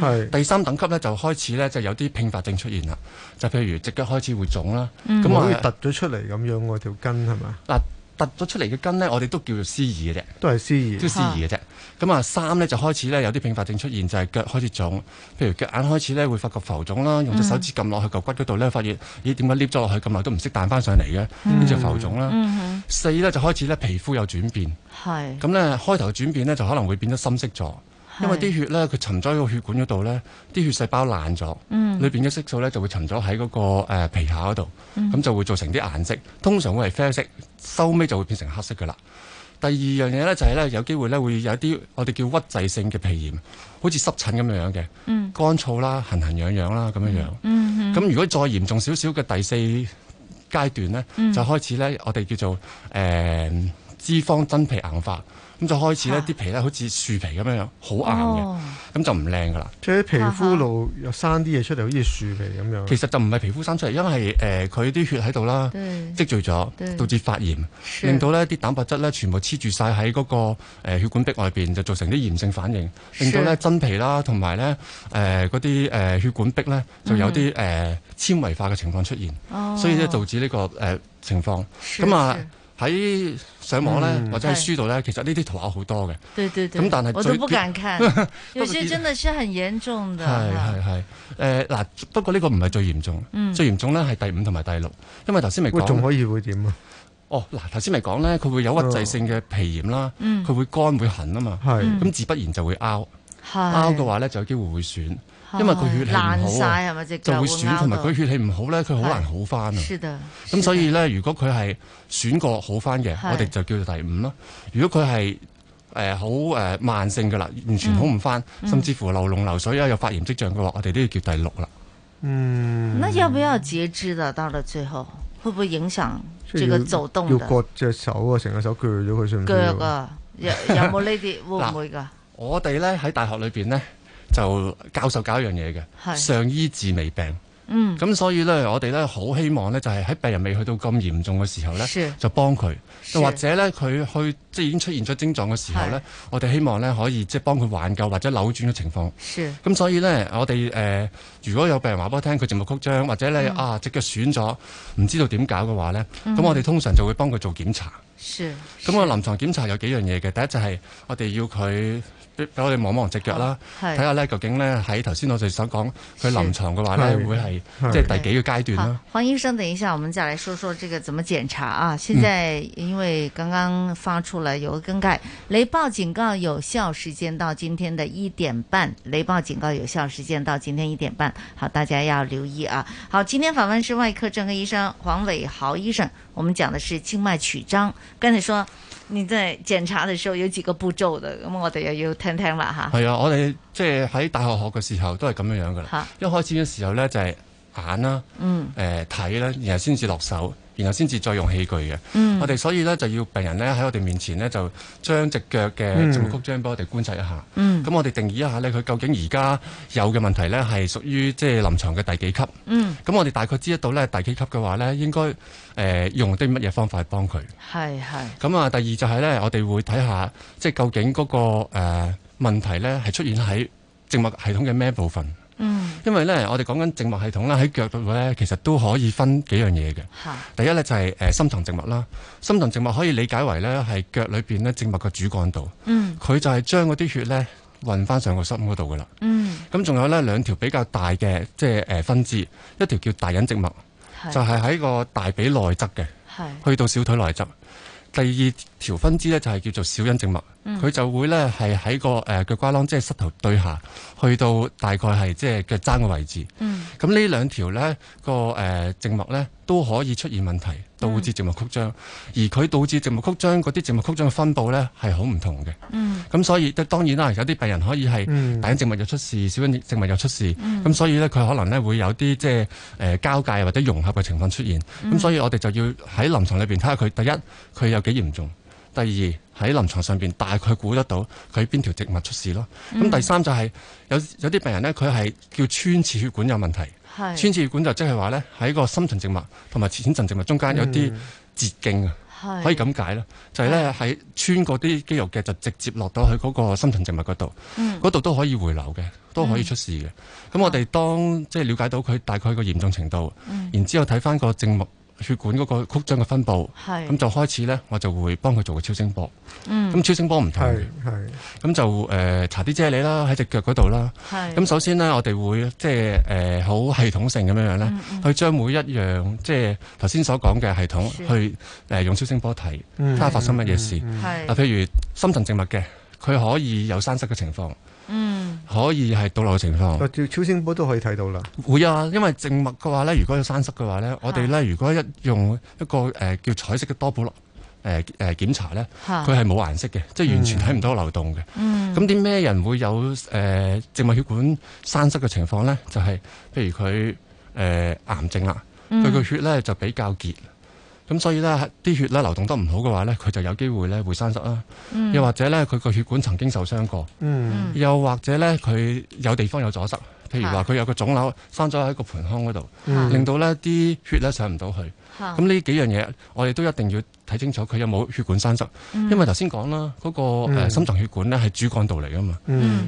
係、嗯、第三等級咧，就開始咧就有啲併發症出現啦。就譬如隻腳開始會腫啦，咁好似凸咗出嚟咁樣個條筋係咪？嗱，凸咗出嚟嘅筋咧，我哋都叫做 C2 嘅啫，都係 C2，都 C2 嘅啫。咁啊是，三咧就開始咧有啲併發症出現，就係、是、腳開始腫，譬如腳眼開始咧會發覺浮腫啦，嗯、用隻手指撳落去嚿骨嗰度咧，發現咦點解捏咗落去咁耐都唔識彈翻上嚟嘅，呢隻浮腫啦。四咧就開始咧皮膚有轉變，係咁咧開頭轉變咧就可能會變得深色咗。因為啲血咧，佢沉咗喺個血管嗰度咧，啲血細胞爛咗，裏、嗯、面嘅色素咧就會沉咗喺嗰個、呃、皮下嗰度，咁、嗯、就會造成啲顏色，通常會係啡色，收尾就會變成黑色噶啦。第二樣嘢咧就係咧，有機會咧會有一啲我哋叫鬱滯性嘅皮炎，好似濕疹咁樣樣嘅，嗯、乾燥啦，痕痕癢癢啦咁樣樣。咁、嗯、如果再嚴重少少嘅第四階段咧，嗯、就開始咧我哋叫做誒、呃、脂肪真皮硬化。咁就開始咧，啲皮咧好似樹皮咁樣樣，好硬嘅，咁就唔靚噶啦。即係啲皮膚度又生啲嘢出嚟，好似樹皮咁樣。其實就唔係皮膚生出嚟，因為誒佢啲血喺度啦，積聚咗，導致發炎，令到呢啲蛋白質咧全部黐住晒喺嗰個誒血管壁外面，就造成啲炎性反應，令到咧真皮啦，同埋咧誒嗰啲誒血管壁咧就有啲誒纖維化嘅情況出現，所以咧導致呢個誒情況。咁啊喺。上網咧，或者喺書度咧，其實呢啲圖畫好多嘅。對對對，咁但係我都不敢看。有些真的是很嚴重嘅。係係係。誒嗱，不過呢個唔係最嚴重，最嚴重咧係第五同埋第六。因為頭先咪講，佢仲可以會點啊？哦，嗱，頭先咪講咧，佢會有鬱滯性嘅皮炎啦，佢會乾會痕啊嘛。係，咁自不然就會拗。拗嘅話咧，就有機會會損。因為佢血氣唔好係咪，就會損，同埋佢血氣唔好咧，佢好難好翻。血啊！咁所以咧，如果佢係損過好翻嘅，我哋就叫做第五啦。如果佢係誒好誒慢性嘅啦，完全好唔翻，甚至乎流膿流水啊，有發炎跡象嘅話，我哋都要叫第六啦。嗯。那要不要截肢的？到了最後，會唔會影響個走動？要割隻手啊，成個手鋸咗佢算唔算？腳啊，有冇呢啲？會唔會噶？我哋咧喺大學裏邊呢。就教授搞一樣嘢嘅，是上醫治未病。嗯，咁所以咧，我哋咧好希望咧，就係、是、喺病人未去到咁嚴重嘅時候咧，是就幫佢。是或者咧，佢去即係已經出現咗症狀嘅時候咧，是我哋希望咧可以即係幫佢挽救或者扭轉嘅情況。咁是所以咧，我哋、呃、如果有病人話俾我聽，佢靜脈曲張，或者咧、嗯、啊，隻腳損咗，唔知道點搞嘅話咧，咁、嗯、我哋通常就會幫佢做檢查。咁我臨床檢查有幾樣嘢嘅，第一就係我哋要佢。俾我哋望望隻腳啦，睇下好呢是究竟，呢喺頭先我哋想講佢臨床嘅話呢會係即係第幾個階段啦、啊。黃醫生，等一下，我們再來說說這個怎麼檢查啊？現在因為剛剛發出了有個更改，雷暴、嗯、警告有效時間到今天的一點半，雷暴警告有效時間到今天一點半，好，大家要留意啊！好，今天訪問是外科專科醫生黃偉豪醫生，我們講的是靜脈曲張，跟住說。你真係檢查嘅時候有幾個步驟嘅，咁我哋又要聽聽啦吓。係啊，我哋即係喺大學學嘅時候都係咁樣樣噶啦。哈一開始嘅時候咧就係眼啦，嗯誒睇啦，然後先至落手，然後先至再用器具嘅，嗯、我哋所以咧就要病人咧喺我哋面前咧就將隻腳嘅靜脈曲張俾我哋觀察一下，咁、嗯嗯、我哋定義一下咧佢究竟而家有嘅問題咧係屬於即係臨床嘅第幾級？咁、嗯、我哋大概知得到咧第幾級嘅話咧，應該誒用啲乜嘢方法去幫佢？係係。咁啊，第二就係咧，我哋會睇下即係究竟嗰個誒問題咧係出現喺靜脈系統嘅咩部分？嗯，因為咧，我哋講緊靜脈系統咧，喺腳度咧，其實都可以分幾樣嘢嘅。係是，第一咧就係、是、誒深層靜脈啦，深層靜脈可以理解為咧係腳裏邊咧靜脈嘅主幹道。嗯，佢就係將嗰啲血咧運翻上個心嗰度噶啦。嗯，咁仲有咧兩條比較大嘅，即係誒、呃、分支，一條叫大隱靜脈，是就係喺個大髀內側嘅，去到小腿內側。第二。條分支咧就係叫做小隱靜脈，佢、嗯、就會咧係喺個誒、呃、腳瓜、呃、囊，即係膝頭對下去到大概係即係腳踭嘅位置。咁呢、嗯、兩條咧個誒靜、呃、脈咧都可以出現問題，導致靜脈曲張。嗯、而佢導致靜脈曲張嗰啲靜脈曲張嘅分布咧係好唔同嘅。咁、嗯嗯、所以當當然啦，有啲病人可以係大隱靜脈又出事，嗯、小隱靜脈又出事。咁、嗯嗯、所以咧佢可能咧會有啲即係誒交界或者融合嘅情況出現。咁、嗯、所以我哋就要喺臨床裏面睇下佢。第一，佢有幾嚴重。第二，喺臨床上邊大概估得到佢邊條靜脈出事咯。咁、嗯、第三就係、是、有有啲病人呢，佢係叫穿刺血管有問題。是穿刺血管就即係話呢，喺個深層靜脈同埋淺層靜脈中間有啲捷徑啊，嗯、可以咁解啦。是就係呢，喺穿嗰啲肌肉嘅，就直接落到去嗰個深層靜脈嗰度，嗰度都可以回流嘅，都可以出事嘅。咁、嗯、我哋當即係、就是、了解到佢大概有個嚴重程度，嗯、然之後睇翻個靜脈。血管嗰個曲張嘅分布，咁是就開始咧，我就會幫佢做個超聲波。嗯，咁超聲波唔同嘅，係咁就誒搽啲啫喱啦，喺隻腳嗰度啦。係咁是首先咧，我哋會即係誒好系統性咁樣樣咧，嗯嗯、去將每一樣即係頭先所講嘅系統，是去、呃、用超聲波睇，睇下發生乜嘢事。係嗱，嗯，是譬如深層靜脈嘅，佢可以有栓塞嘅情況。可以係倒流嘅情況，超聲波都可以睇到啦。會啊，因為靜脈嘅話咧，如果有栓塞嘅話咧，的我哋咧如果一用一個誒、呃、叫彩色嘅多普勒誒誒、呃呃、檢查咧，佢係冇顏色嘅，的嗯、即係完全睇唔到流動嘅。嗯，咁點咩人會有誒靜、呃、脈血管栓塞嘅情況咧？就係、是、譬如佢誒、呃、癌症啦，佢個血咧就比較結。嗯嗯咁所以咧，啲血咧流動得唔好嘅話咧，佢就有機會咧會生塞啦。又或者咧，佢個血管曾經受傷過。又或者咧，佢有地方有阻塞，譬如話佢有個腫瘤生咗喺個盆腔嗰度，令到呢啲血咧上唔到去。咁呢幾樣嘢，我哋都一定要睇清楚，佢有冇血管生塞。因為頭先講啦，嗰個深層血管咧係主幹道嚟㗎嘛。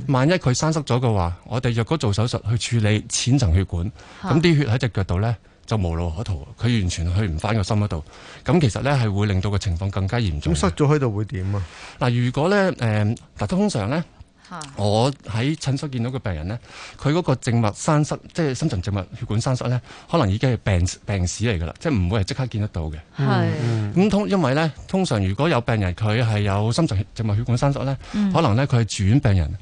萬一佢生塞咗嘅話，我哋若果做手術去處理淺層血管，咁啲血喺隻腳度咧。就無路可逃，佢完全去唔翻個心嗰度。咁其實咧係會令到個情況更加嚴重。咁塞咗喺度會點啊？嗱，如果咧誒，嗱通常咧，我喺診室見到個病人咧，佢嗰個靜脈栓塞，即係深層靜脈血管栓塞咧，可能已經係病病史嚟㗎啦，即係唔會係即刻見得到嘅。係的。咁通、嗯、因為咧，通常如果有病人佢係有深層靜脈血管栓塞咧，可能咧佢係住院病人。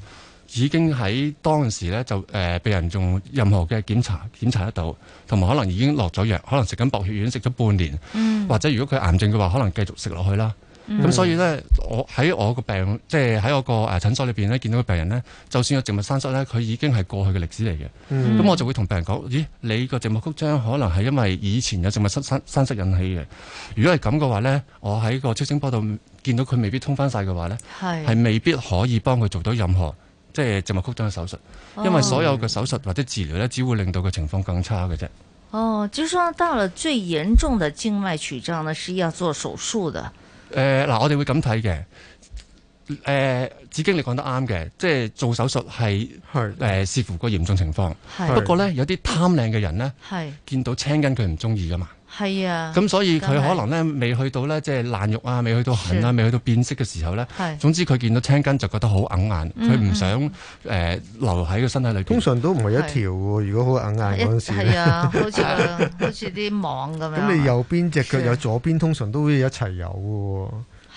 已經喺當時咧就誒被人用任何嘅檢查檢查得到，同埋可能已經落咗藥，可能食緊薄血丸食咗半年，嗯、或者如果佢癌症嘅話，可能繼續食落去啦。咁、嗯、所以咧，我喺我個病即係喺我個誒診所裏面咧，見到個病人咧，就算有植物生息咧，佢已經係過去嘅歷史嚟嘅。咁、嗯、我就會同病人講：咦，你個植物曲張可能係因為以前有植物生，生息引起嘅。如果係咁嘅話咧，我喺個超聲波度見到佢未必通翻晒嘅話咧，係係是未必可以幫佢做到任何。即係靜脈曲張嘅手術，因為所有嘅手術或者治療咧，只會令到個情況更差嘅啫。哦，即、就、係、是、說到了最嚴重嘅靜脈曲張呢，是要做手術的。誒，嗱，我哋會咁睇嘅。誒、呃，子矜你講得啱嘅，即係做手術係誒視乎個嚴重情況。的不過咧，有啲貪靚嘅人呢，係的見到青筋佢唔中意噶嘛。係啊，咁所以佢可能咧未去到咧即係爛肉啊，未去到痕啊，未去到變色嘅時候咧，總之佢見到青筋就覺得好硬眼，佢唔想誒留喺個身體裏。通常都唔係一條嘅，如果好硬眼嗰陣時，係啊，好似好似啲網咁樣。咁你右邊隻腳有，左邊通常都會一齊有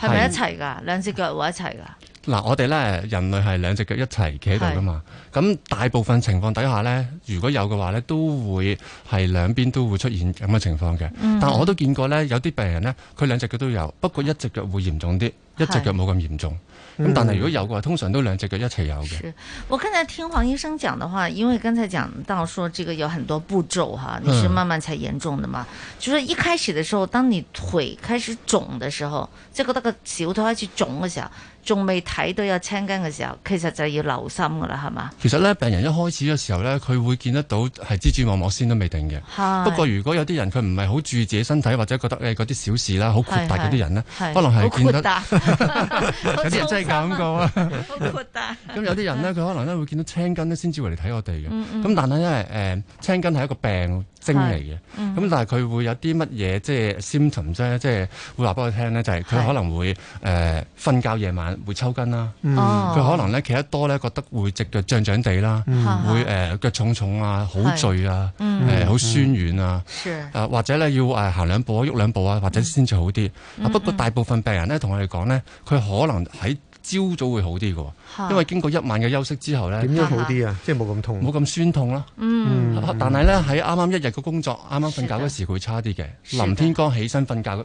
嘅，係咪一齊噶？兩隻腳會一齊噶？嗱，我哋咧人類係兩隻腳一齊企喺度噶嘛，咁是大部分情況底下呢，如果有嘅話呢，都會係兩邊都會出現咁嘅情況嘅。嗯、但我都見過呢，有啲病人呢，佢兩隻腳都有，不過一隻腳會嚴重啲，一隻腳冇咁嚴重。咁是、嗯、但係如果有嘅話，通常都兩隻腳一齊有嘅。我剛才聽黃醫生講的話，因為剛才講到說這個有很多步驟哈、啊，你是慢慢才嚴重的嘛，嗯、就是一開始的時候，當你腿開始腫的時候，這個得個小腿開始腫嘅時候。仲未睇到有青筋嘅時候，其實就要留心噶啦，係嘛？其實咧，病人一開始嘅時候咧，佢會見得到係蜘蛛網膜先都未定嘅。不過如果有啲人佢唔係好注意自己身體，或者覺得誒嗰啲小事啦，好豁達嗰啲人咧，可能係見得有啲人真係咁講啊。好豁達。咁有啲人咧，佢可能咧會見到青筋咧先至會嚟睇我哋嘅。咁但係因為誒青筋係一個病症嚟嘅，咁但係佢會有啲乜嘢即係 symptom 啫，即係會話俾我聽咧，就係佢可能會誒瞓覺夜晚會抽筋啦，佢可能咧企得多咧覺得會隻腳脹脹地啦，會誒腳重重啊，好攰啊，誒好酸軟啊，誒或者咧要誒行兩步啊，喐兩步啊，或者先至好啲。不過大部分病人咧同我哋講咧，佢可能喺朝早會好啲嘅，因為經過一晚嘅休息之後咧，點樣好啲啊？是即係冇咁痛，冇咁酸痛啦。嗯，但係咧喺啱啱一日嘅工作，啱啱瞓覺嗰時佢會差啲嘅。的林天光起身瞓覺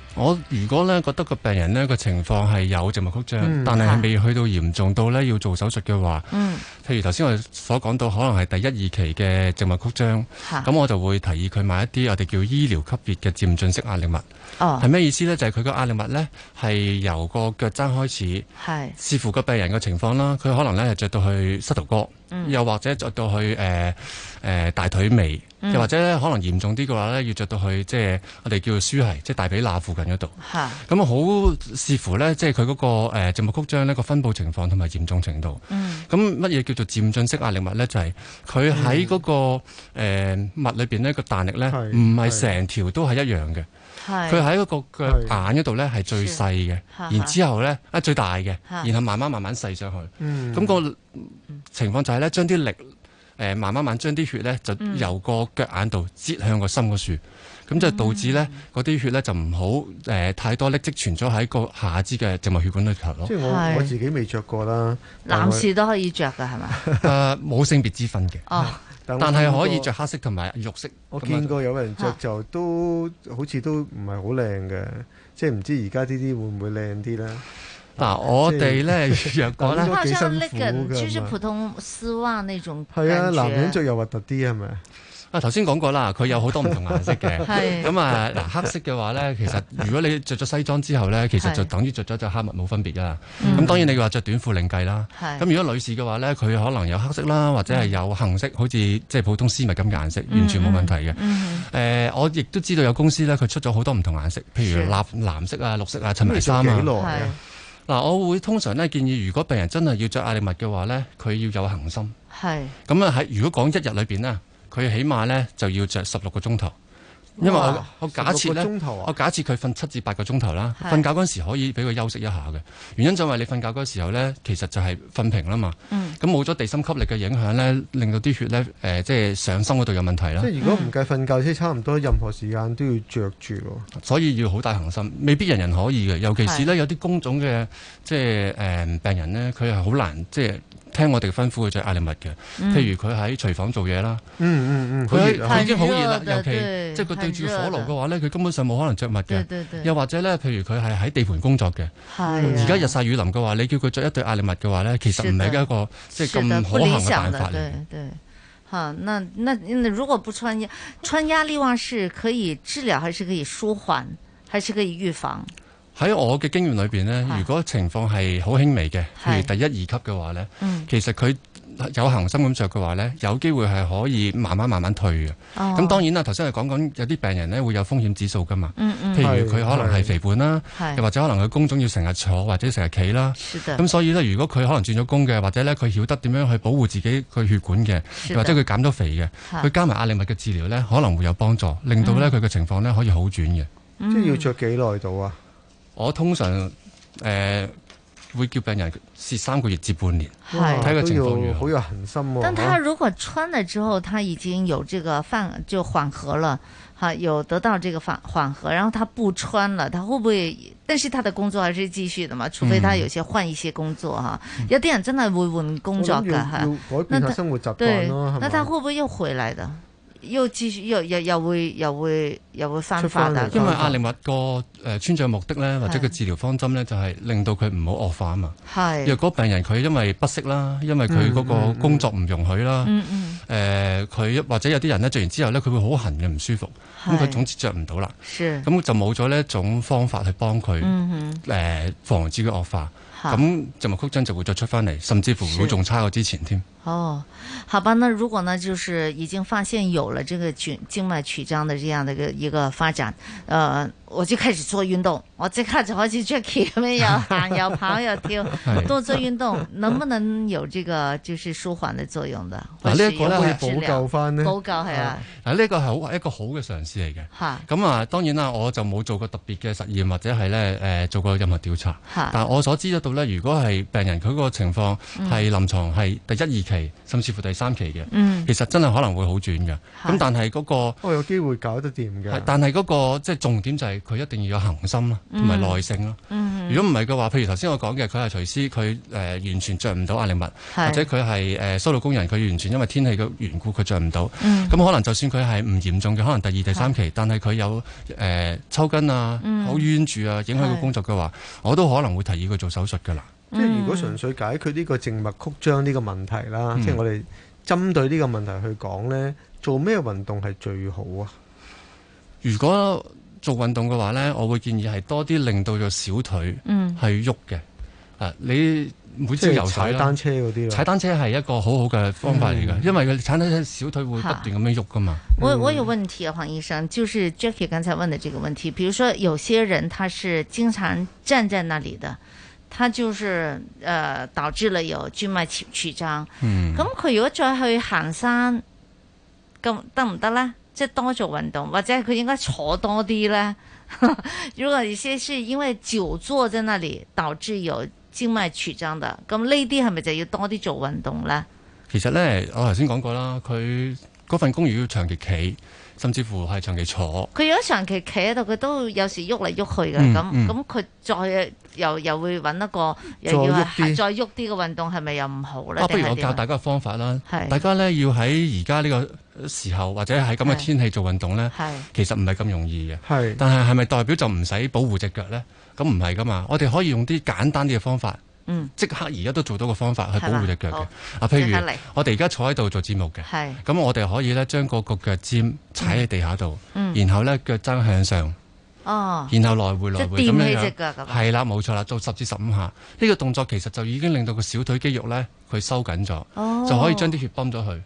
我如果咧覺得個病人呢個情況係有靜脈曲張，嗯、但係未去到嚴重到呢要做手術嘅話，嗯，譬如頭先我所講到，可能係第一二期嘅靜脈曲張，咁、啊、我就會提議佢買一啲我哋叫醫療級別嘅漸進式壓力襪。哦，係咩意思呢？就係佢個壓力襪呢係由個腳踭開始，係是視乎個病人嘅情況啦。佢可能咧着到去膝頭哥。又或者着到去誒誒、呃呃、大腿尾，嗯、又或者可能嚴重啲嘅話咧，要着到去即係我哋叫做鼠蹊，即係大髀罅附近嗰度。咁啊，好視乎咧，即係佢嗰個誒靜脈、呃、曲張呢個分布情況同埋嚴重程度。咁乜嘢叫做漸進式壓力物咧？就係佢喺嗰個、嗯呃、物裏邊呢個彈力咧，唔係成條都係一樣嘅。佢喺嗰個腳眼嗰度咧係最細嘅，然之後咧最大嘅，是然後慢慢慢慢細上去。咁、嗯，那個情況就係咧，將啲力誒，慢慢慢將啲血咧，就由個腳眼度擠向個心個樹，咁、嗯、就導致咧，嗰啲血咧就唔好誒太多累積存咗喺個下肢嘅靜脈血管裏頭咯。即係我是我自己未着過啦，男士都可以着噶係咪？誒我，冇、 啊、性別之分嘅。哦，但係可以着黑色同埋肉色。我見過有人着就都、啊、好似都唔係好靚嘅，即係唔知而家呢啲會唔會靚啲咧？嗱、啊，我哋咧如若講咧，好、那個、普通絲襪呢種，係啊，男人著又核突啲係咪是不是啊，頭先講過啦，佢有好多唔同的顏色嘅，咁 是啊，嗱、呃，黑色嘅話咧，其實如果你着咗西裝之後咧，其實就等於着咗隻黑襪冇分別㗎啦。咁是當然你話着短褲另計啦。咁是如果女士嘅話咧，佢可能有黑色啦，或者係有杏色，好似即係普通絲襪咁嘅顏色，完全冇問題嘅。誒、嗯嗯呃，我亦都知道有公司咧，佢出咗好多唔同顏色，譬如藍色啊、綠色啊、襯棉衫啊，嗱，我會通常咧建議，如果病人真係要着壓力襪嘅話咧，佢要有恒心。係是。咁啊喺，如果講一日裏邊咧，佢起碼咧就要着十六個鐘頭。因為我、哦、我假設咧，啊、我假設佢瞓七至八個鐘頭啦，瞓是的 覺嗰時可以俾佢休息一下嘅。原因就係你瞓覺嗰時候咧，其實就係瞓平啦嘛。咁冇咗地心吸力嘅影響咧，令到啲血咧誒、呃，即係上身嗰度有問題啦。即係如果唔計瞓覺，即係差唔多任何時間都要着住囉。所以要好大恆心，未必人人可以嘅。尤其是咧是的 有啲工種嘅，即係誒、呃、病人咧，佢係好難即係。聽我哋吩咐嘅着壓力襪嘅，譬如佢喺廚房做嘢啦，佢已經好熱啦，尤其即係佢對住火爐嘅話咧，佢根本上冇可能着襪嘅。又或者咧，譬如佢係喺地盤工作嘅，而家日曬雨淋嘅話，你叫佢着一對壓力襪嘅話咧，其實唔係一個即係咁可行嘅辦法。對對，好，那那如果不穿穿壓力襪，是可以治療，還是可以舒緩，還是可以預防？喺我嘅經驗裏邊咧，如果情況係好輕微嘅，譬如第一，是第一二級嘅話咧，嗯、其實佢有恒心咁着嘅話咧，有機會係可以慢慢慢慢退嘅。咁、哦、當然啦，頭先係講緊有啲病人咧會有風險指數噶嘛，嗯嗯、譬如佢可能係肥胖啦，又或者可能佢工種要成日坐或者成日企啦。咁的所以咧，如果佢可能轉咗工嘅，或者咧佢曉得點樣去保護自己個血管嘅，的或者佢減咗肥嘅，佢的加埋壓力襪嘅治療呢，可能會有幫助，令到呢佢嘅情況咧可以好轉嘅。嗯、即係要着幾耐到啊？我通常誒、呃、會叫病人試三個月至半年，睇個情況如何。好有恒心。但他如果穿了之後，他已經有這個放就緩和了，哈、啊，有得到這個緩緩和，然後他不穿了，他會不會？但是他的工作還是繼續的嘛，除非他有些換一些工作哈。嗯、有啲人真係會換工作噶，哈、嗯。改變那他生活習慣對吧那他會不會又回來的？又治又又又，又會又會又會翻發啊！因為壓力襪個誒，穿、呃、着目的咧，或者個治療方針咧，就係、是、令到佢唔好惡化啊嘛。係是。若果病人佢因為不適啦，因為佢嗰個工作唔容許啦。誒、嗯嗯嗯，佢、呃、或者有啲人咧着完之後咧，佢會好痕嘅，唔舒服。咁佢總之着唔到啦。是。咁是就冇咗呢一種方法去幫佢，誒、嗯嗯嗯，防止佢惡化。咁靜脈曲張就會再出翻嚟，甚至乎會仲差過之前添。哦，好吧，那如果呢，就是已經發現有了這個曲靜脈曲張的這樣的一個一個發展，呃，我就開始做運動，我即刻就好似 jockey 咁樣又行又跑 又跳，多做運動，能不能有這個就是舒緩的作用的？嗱、啊，呢一個可以補救翻呢，補救係啊。嗱、啊，呢、這個係好一個好嘅嘗試嚟嘅。吓，咁啊，啊當然啦，我就冇做過特別嘅實驗或者係咧，誒、呃，做過任何調查。吓、啊，啊、但我所知得到咧，如果係病人佢個情況係臨床係第一、嗯、二。期，甚至乎第三期嘅，其實真係可能會好轉嘅。咁但係嗰個，我有機會搞得掂嘅。但係嗰個即係重點就係佢一定要有恆心啦，同埋耐性啦。如果唔係嘅話，譬如頭先我講嘅，佢係廚師，佢誒完全着唔到壓力襪，或者佢係誒修路工人，佢完全因為天氣嘅緣故，佢着唔到。咁可能就算佢係唔嚴重嘅，可能第二、第三期，但係佢有誒抽筋啊，好冤住啊，影響佢工作嘅話，我都可能會提議佢做手術嘅啦。嗯、即係如果純粹解決呢個靜脈曲張呢個問題啦，嗯、即係我哋針對呢個問題去講呢，做咩運動係最好啊？如果做運動嘅話呢，我會建議係多啲令到個小腿的嗯係喐嘅。你每次油踩單車嗰啲，踩單車係一個好好嘅方法嚟㗎，嗯、因為踩單車小腿會不斷咁樣喐噶嘛。好嗯、我我有問題啊，黃醫生，就是 Jacky 剛才問的這個問題，譬如說有些人他是經常站在那裡的。他就是誒、呃、導致了有靜脈曲曲張，咁佢、嗯、如果再去行山，咁得唔得呢？即多做運動，或者佢應該坐多啲呢？ 如果有些是因為久坐在那裡導致有靜脈曲張的，咁呢啲係咪就要多啲做運動呢？其實呢，我頭先講過啦，佢嗰份工要長期企。甚至乎係長期坐，佢如果長期企喺度，佢都有時喐嚟喐去嘅。咁咁佢再又又會揾一個，再動一點，又要係再喐啲嘅運動，係咪又唔好咧？啊，啊，不如我教大家個方法啦。是大家咧要喺而家呢個時候或者喺咁嘅天氣做運動咧，是其實唔係咁容易嘅。是但係係咪代表就唔使保護隻腳咧？咁唔係噶嘛，我哋可以用啲簡單啲嘅方法。即刻而家都做到個方法去吧保護隻腳嘅。啊、哦，譬如我哋而家坐喺度做節目嘅，咁是我哋可以咧將嗰個腳尖踩喺地下度，嗯、然後咧腳踭向上，哦、然後來回來回咁樣。即踮起隻腳咁。係啦，冇錯啦，做十至十五下。呢、這個動作其實就已經令到個小腿肌肉咧，佢收緊咗，哦、就可以將啲血泵咗去。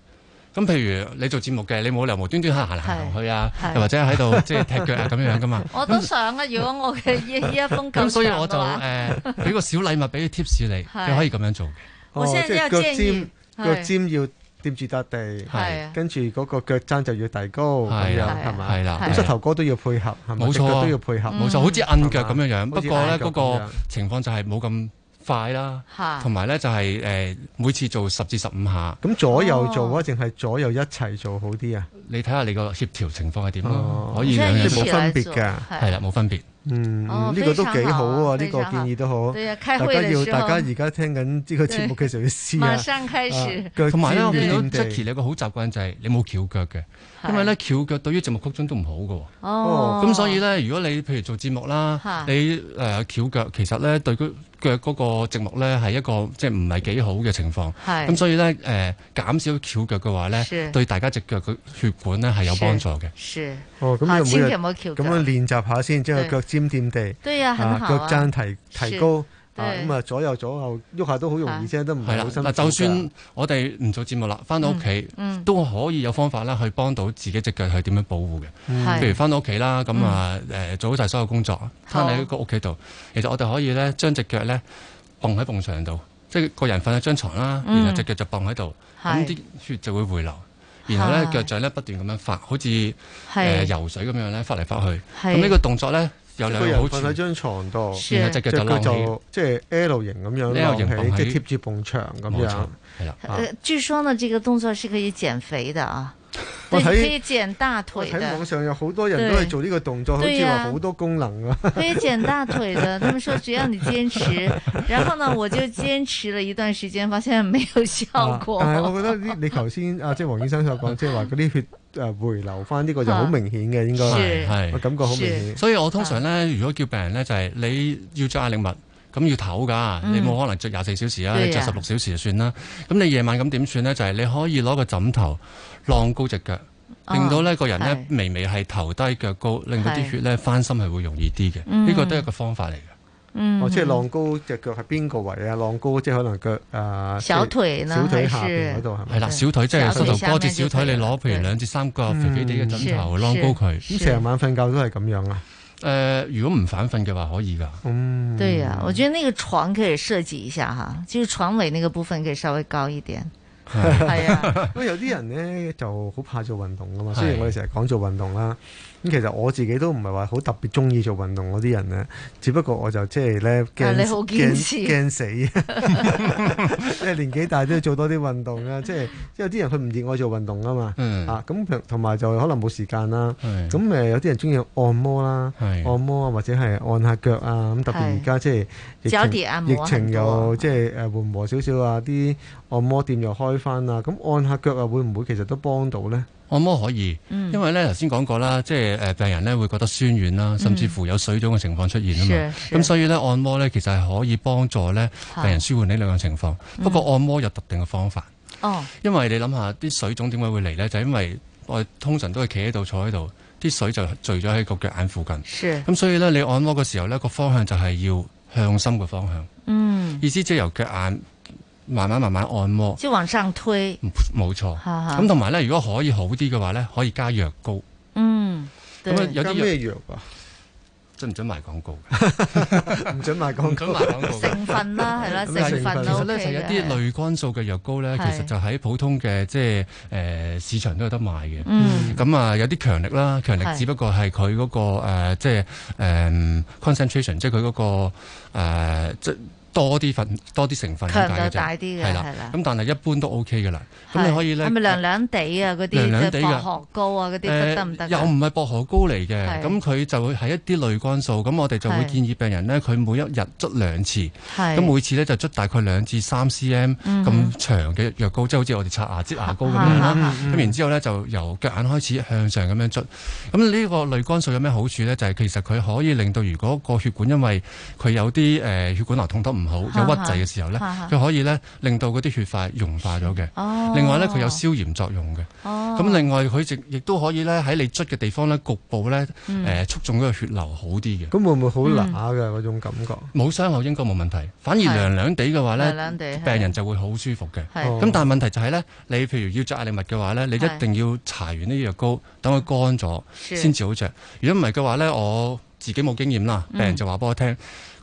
咁譬如你做節目嘅，你冇理由無端端行行去啊，或者喺度即係踢腳啊咁樣噶嘛。我都想啊，如果我嘅依一封咁，咁所以我就誒俾個小禮物俾個貼士你，你可以咁樣做。我先有腳尖，腳尖要掂住笪地，係跟住嗰個腳踭就要遞高咁樣，係嘛？係啦，膝頭哥都要配合，係咪？冇錯，都要配合，冇錯，好似按腳咁樣樣。不過咧，嗰個情況就係冇咁。快啦，同埋咧就係誒每次做十至十五下，咁左右做啊，定係、哦、左右一齊做好啲啊？你睇下你個協調情況係點咯？哦、可以兩樣事，即係冇分別㗎，係啦，冇分別。嗯，呢個都幾好啊！呢個建議都好。大家要大家而家聽緊呢個節目，嘅時候要試下。馬上開始。同埋咧，我見到 Jacky 你個好習慣就係你冇翹腳嘅，因為咧翹腳對於節目曲中都唔好嘅。哦。咁所以咧，如果你譬如做節目啦，你誒翹腳，其實咧對嗰腳嗰個節目咧係一個即係唔係幾好嘅情況。係。咁所以咧，誒減少翹腳嘅話咧，對大家隻腳嘅血管咧係有幫助嘅。哦，咁千祈唔好翹腳，咁樣練習下先，將個腳尖掂地，對啊，腳踭提提高，咁啊，左右左右喐下都好容易啫，都唔係好辛苦噶。嗱，就算我哋唔做節目啦，翻到屋企，都可以有方法啦，去幫到自己隻腳係點樣保護嘅。譬如翻到屋企啦，咁啊，誒，做好晒所有工作，攤喺個屋企度，其實我哋可以咧，將隻腳咧，蹦喺埲牆度，即係個人瞓喺張床啦，然後隻腳就蹦喺度，咁啲血就會回流。然後咧腳掌咧不斷咁樣發，好似誒游水咁樣咧發嚟發去。咁呢個動作咧有兩個好處，然後隻腳咧做，即係 L 型咁樣 L 型係，即係貼住埲牆咁樣。係啦。據說呢這個動作係可以減肥嘅。啊。可以剪大腿，喺網上有好多人都係做呢個動作，好似話好多功能啊。可以剪大腿的，他們說只要你堅持，然後呢，我就堅持了一段時間，發現沒有效果。係，我覺得你你頭先啊，即係黃醫生所講，即係話嗰啲血回流翻呢個就好明顯嘅，應該係，我感覺好明顯。所以我通常呢，如果叫病人呢，就係你要着壓力襪，咁要唞噶，你冇可能着廿四小時啊，你着十六小時就算啦。咁你夜晚咁點算呢？就係你可以攞個枕頭。晾高隻腳，令到呢個人呢微微係頭低腳高，令到啲血呢返心係會容易啲嘅。呢個都係一個方法嚟嘅。嗯，或者晾高隻腳係邊個位啊？晾高即係可能腳誒小腿，小腿下邊嗰度係咪？係啦，小腿即係膝頭哥至小腿，你攞譬如兩至三個肥肥哋嘅枕頭晾高佢。咁成晚瞓覺都係咁樣啊？誒，如果唔反瞓嘅話，可以㗎。嗯，對啊，我覺得呢個床可以設計一下嚇，就是床尾呢個部分可以稍微高一點。係啊， 咁有啲人咧就好怕做運動噶嘛，雖然我哋成日講做運動啦，咁其實我自己都唔係話好特別中意做運動嗰啲人咧，只不過我就即係咧驚，驚死，即 係年紀大都要做多啲運動啦，即係，有啲人佢唔熱愛做運動啊嘛，嗯、啊咁同埋就可能冇時間啦，咁誒、嗯、有啲人中意按摩啦，是的 按摩啊或者係按下腳啊，咁特別而家即係疫情又即係誒緩和少少啊啲。按摩店又開翻啦，咁按下腳啊，會唔會其實都幫到呢？按摩可以，嗯、因為呢頭先講過啦，即係誒病人呢會覺得酸軟啦，嗯、甚至乎有水腫嘅情況出現啊嘛。咁、嗯嗯、所以呢，按摩呢其實係可以幫助呢病人舒緩呢兩個情況。嗯、不過按摩有特定嘅方法，嗯、因為你諗下啲水腫點解會嚟呢？哦、就因為我哋通常都係企喺度坐喺度，啲水就聚咗喺個腳眼附近。咁、嗯、所以呢，你按摩嘅時候呢個方向就係要向心嘅方向。嗯、意思即係由腳眼。慢慢慢慢按摩，即係往上推，冇錯錯。咁同埋咧，如果可以好啲嘅話咧，可以加藥膏。嗯，咁有啲咩藥啊？藥准唔准賣廣告？唔 准賣廣告，告成分啦，係咯， 成分啦其，其實有啲類肝素嘅藥膏咧，是其實就喺普通嘅即係誒市場都有得賣嘅。咁、嗯、啊，有啲強力啦，強力只不過係佢嗰個誒、呃呃那個呃呃，即係誒 concentration，即係佢嗰個誒即。多啲份，多啲成分大啲嘅，係啦，咁但係一般都 OK 嘅啦。咁你可以咧係咪涼涼地啊？嗰啲薄荷膏啊，嗰啲得唔得？又唔係薄荷膏嚟嘅，咁佢就會係一啲類肝素。咁我哋就會建議病人咧，佢每一日捽兩次，咁每次咧就捽大概兩至三 cm 咁長嘅藥膏，即係好似我哋刷牙擠牙膏咁樣啦。咁然之後咧就由腳眼開始向上咁樣捽。咁呢個類肝素有咩好處咧？就係其實佢可以令到如果個血管因為佢有啲誒血管流通得唔好有鬱滯嘅時候咧，佢可以咧令到嗰啲血塊溶化咗嘅。另外咧，佢有消炎作用嘅。咁另外佢亦亦都可以咧喺你捽嘅地方咧局部咧誒促進嗰個血流好啲嘅。咁會唔會好乸嘅嗰種感覺？冇傷口應該冇問題，反而涼涼地嘅話咧，病人就會好舒服嘅。咁但係問題就係咧，你譬如要着壓力物嘅話咧，你一定要搽完呢啲藥膏，等佢乾咗先至好着。如果唔係嘅話咧，我自己冇經驗啦，病人就話俾我聽。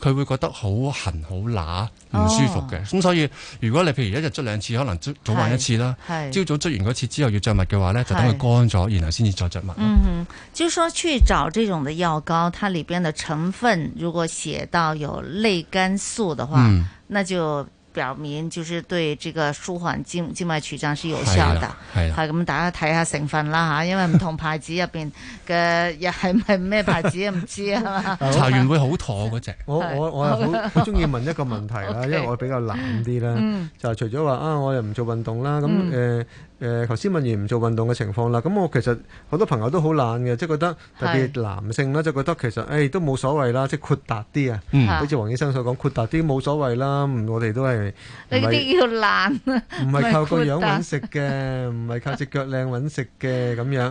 佢會覺得好痕、好乸、唔舒服嘅，咁、哦、所以如果你譬如一日捽兩次，可能早晚一次啦。朝是 早捽完嗰次是 之後要着襪嘅話呢，就等佢乾咗，是 然後先至再着襪。嗯嗯，就是說去找這種的藥膏，它裏邊的成分如果寫到有類肝素的話，嗯、那就。表面就是對這個舒緩靜靜脈曲張是有效的。係咁大家睇下成分啦嚇，因為唔同牌子入邊嘅又係咪咩牌子唔知啊嘛。茶完會好妥嗰隻，我我我好中意問一個問題啦，因為我比較懶啲啦， Okay. 就除咗話啊，我又唔做運動啦，咁誒。呃 嗯誒，頭先問完唔做運動嘅情況啦，咁我其實好多朋友都好懶嘅，即係覺得特別男性咧，是就覺得其實誒、欸、都冇所謂啦，即係豁達啲啊，好似、嗯、黃醫生所講，豁達啲冇所謂啦，我哋都係你啲要懶，唔係靠個樣揾食嘅，唔係 靠隻腳靚揾食嘅咁樣，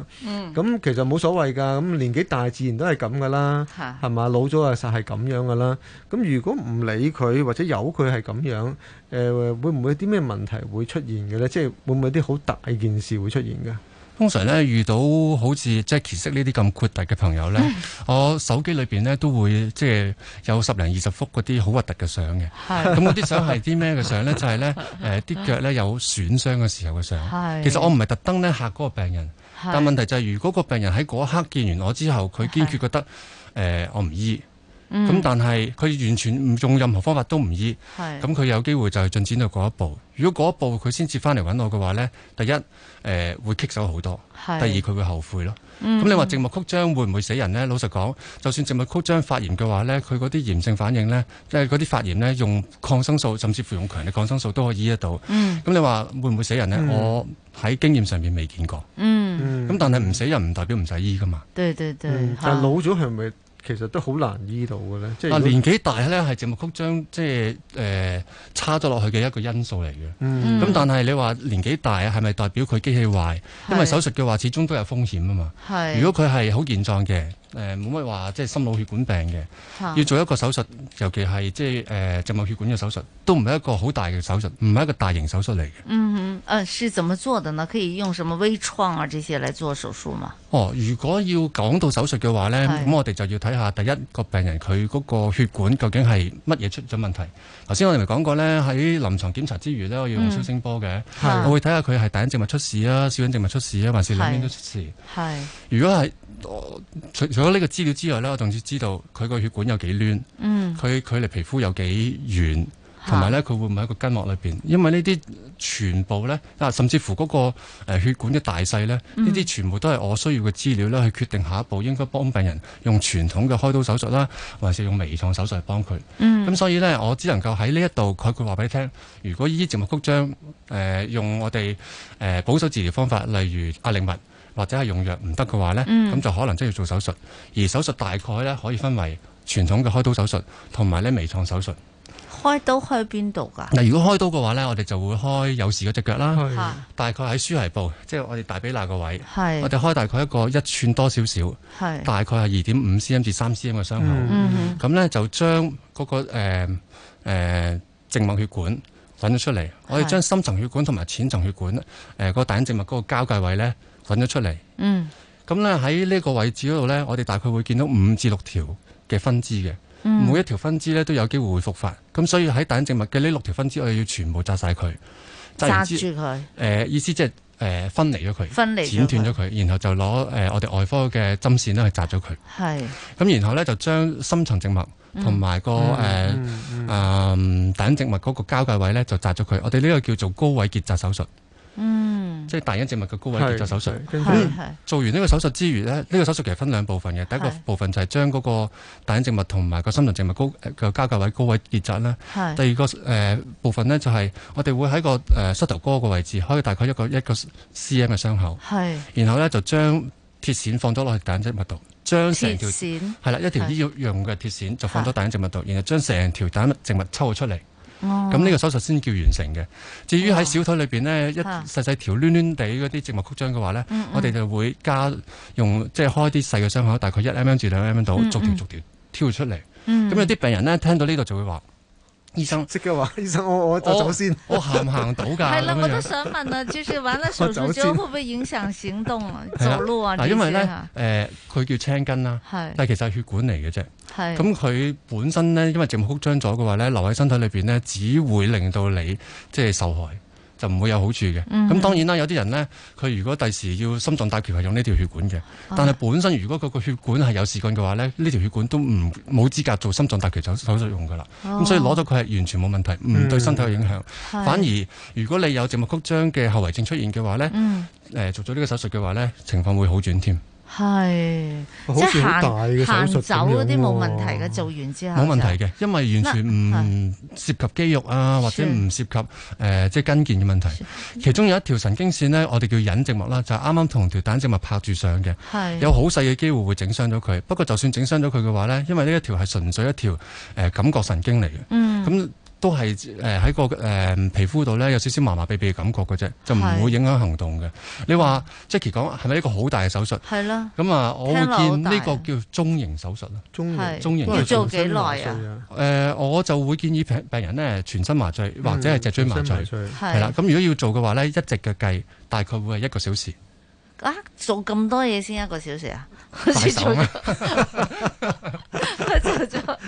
咁、嗯、其實冇所謂㗎，咁年紀大自然都係咁㗎啦，係嘛 老咗啊實係咁樣㗎啦，咁如果唔理佢或者由佢係咁樣。誒、呃、會唔會啲咩問題會出現嘅咧？即係會唔會啲好大件事會出現嘅？通常咧遇到好似即 a 其 k 呢啲咁豁達嘅朋友咧， 我手機裏邊咧都會即係有十零二十幅嗰啲好核突嘅相嘅。咁嗰啲相係啲咩嘅相咧？就係咧誒啲腳咧有損傷嘅時候嘅相。是其實我唔係特登咧嚇嗰個病人，是但問題就係、是、如果那個病人喺嗰一刻見完我之後，佢堅決覺得誒是、呃、我唔醫。咁、嗯、但係佢完全唔用任何方法都唔醫，咁佢是有機會就係進展到嗰一步。如果嗰一步佢先至翻嚟揾我嘅話呢，第一誒、呃、會棘手好多，第二佢會後悔咯。咁、嗯、你話靜脈曲張會唔會死人呢？老實講，就算靜脈曲張發炎嘅話呢佢嗰啲炎性反應呢，即係嗰啲發炎呢，用抗生素甚至乎用強力抗生素都可以醫得到。咁、嗯、你話會唔會死人呢？嗯、我喺經驗上面未見過。咁、嗯嗯、但係唔死人唔代表唔使醫噶嘛。對對對。嗯、但係老咗係咪？其實都好難醫到嘅咧，即係年紀大咧係靜脈曲張，即係誒、呃、差咗落去嘅一個因素嚟嘅。咁、嗯嗯、但係你話年紀大係咪代表佢機器壞？是因為手術嘅話始終都有風險啊嘛。是如果佢係好健壯嘅。誒，冇乜話即係心腦血管病嘅，是要做一個手術，尤其係即係誒靜脈血管嘅手術，都唔係一個好大嘅手術，唔係一個大型手術嚟嘅。嗯嗯，嗯、啊，是怎麼做的呢？可以用什麼微創啊這些來做手術嗎？哦，如果要講到手術嘅話呢，咁是我哋就要睇下第一個病人佢嗰個血管究竟係乜嘢出咗問題。頭先我哋咪講過呢，喺臨床檢查之餘呢，我要用超聲波嘅，嗯、我會睇下佢係大隱靜脈出事啊，小隱靜脈出事啊，還是兩邊都出事。係如果係。我除除咗呢個資料之外咧，我仲要知道佢個血管有幾攣，佢佢、嗯、離皮膚有幾遠，同埋咧佢會唔會喺個筋膜裏邊？因為呢啲全部咧啊，甚至乎嗰個誒血管嘅大細咧，呢啲全部都係我需要嘅資料咧，去決定下一步應該幫病人用傳統嘅開刀手術啦，還是用微創手術嚟幫佢。咁、嗯、所以咧，我只能夠喺呢一度概括話俾你聽，如果呢啲植物曲張，誒、呃、用我哋誒、呃、保守治療方法，例如壓力物。或者係用藥唔得嘅話咧，咁、嗯、就可能真係要做手術。而手術大概咧可以分為傳統嘅開刀手術同埋咧微創手術。開刀去邊度噶？嗱，如果開刀嘅話咧，我哋就會開有時嗰隻腳啦，是大概喺鼠蹊部，即、就、係、是、我哋大髀罅個位。係是，我哋開大概一個一寸多少少，係是大概係二點五 cm 至三 cm 嘅傷口。嗯嗯，嗯，嗯、那個，咁咧就將嗰個誒誒靜脈血管揾咗出嚟，我哋將深層血管同埋淺層血管，誒、呃那個大隱靜脈嗰個交界位咧，揾咗出嚟，咁咧喺呢個位置嗰度咧，我哋大概會見到五至六條嘅分支嘅，每一條分支咧都有機會會復發，咁所以喺大隱靜脈嘅呢六條分支，我哋要全部紮晒佢，紮住佢，誒意思即係誒分離咗佢，分離，剪斷咗佢，然後就攞誒我哋外科嘅針線咧去紮咗佢，係，咁然後咧就將深層靜脈同埋個誒啊大隱靜脈嗰個交界位咧就紮咗佢，我哋呢個叫做高位結紮手術，嗯。即係大隱靜脈嘅高位結紮手術。嗯、做完呢個手術之餘咧，呢、呢個手術其實分兩部分嘅。第一個部分就係將嗰個大隱靜脈同埋個深靜脈高嘅交界位高位結紮啦。是第二個誒、呃、部分呢，就係我哋會喺個誒膝頭哥個位置開大概一個一個 cm 嘅傷口，是然後呢就將鐵線放咗落去大隱靜脈度，將成條係啦線一條醫用嘅鐵線就放咗大隱靜脈度，的然後將成條大隱靜脈抽咗出嚟。咁呢、哦、個手術先叫完成嘅。至於喺小腿裏邊呢，哦啊、一細細條攣攣地嗰啲靜脈曲張嘅話呢，嗯嗯、我哋就會加用即係、就是、開啲細嘅傷口，大概一 mm 至兩 mm 度，嗯嗯、逐條逐條挑出嚟。咁、嗯、有啲病人呢，聽到呢度就會話。醫生識嘅話，醫生，我我走走先，我行唔行到噶？係啦， 我都想問啊。就是玩咗手術之後，先會唔會影響行動、啊、走路啊？了你啊因為咧，誒、呃，佢叫青筋啦，但係其實係血管嚟嘅啫。咁佢的本身咧，因為靜脈曲張咗嘅話咧，留喺身體裏邊咧，只會令到你即係受害。就唔會有好處嘅。咁、mm hmm. 當然啦，有啲人呢，佢如果第時要心臟搭橋係用呢條血管嘅，但係本身如果佢個血管係有視覺嘅話咧，呢條血管都唔冇資格做心臟搭橋手手術用噶啦。咁、oh. 所以攞咗佢係完全冇問題，唔、mm hmm. 對身體有影響。Mm hmm. 反而如果你有靜脈曲張嘅後遺症出現嘅話呢，誒、mm hmm. 呃、做咗呢個手術嘅話呢，情況會好轉添。係即是行行走嗰啲冇問題嘅，做完之後冇問題嘅，因為完全唔涉及肌肉啊，是或者唔涉及誒、呃、即係筋腱嘅問題。是其中有一條神經線呢，我哋叫隱靜脈啦，就係啱啱同條大隱靜脈拍住上嘅，是有好細嘅機會會整傷咗佢。不過就算整傷咗佢嘅話呢，因為呢一條係純粹一條誒、呃、感覺神經嚟嘅，咁、嗯。都係誒喺個誒皮膚度咧有少少麻麻痺痺嘅感覺嘅啫，就唔會影響行動嘅。你話 Jackie 講係咪一個好大嘅手術？係啦。咁啊，我會見呢個叫中型手術啦。中型中型，要做幾耐啊？誒，我就會建議病病人咧全身麻醉或者係脊椎麻醉。全身麻醉。係啦，咁如果要做嘅話咧，一直嘅計大概會係一個小時。啊，做咁多嘢先一個小時啊？係啊。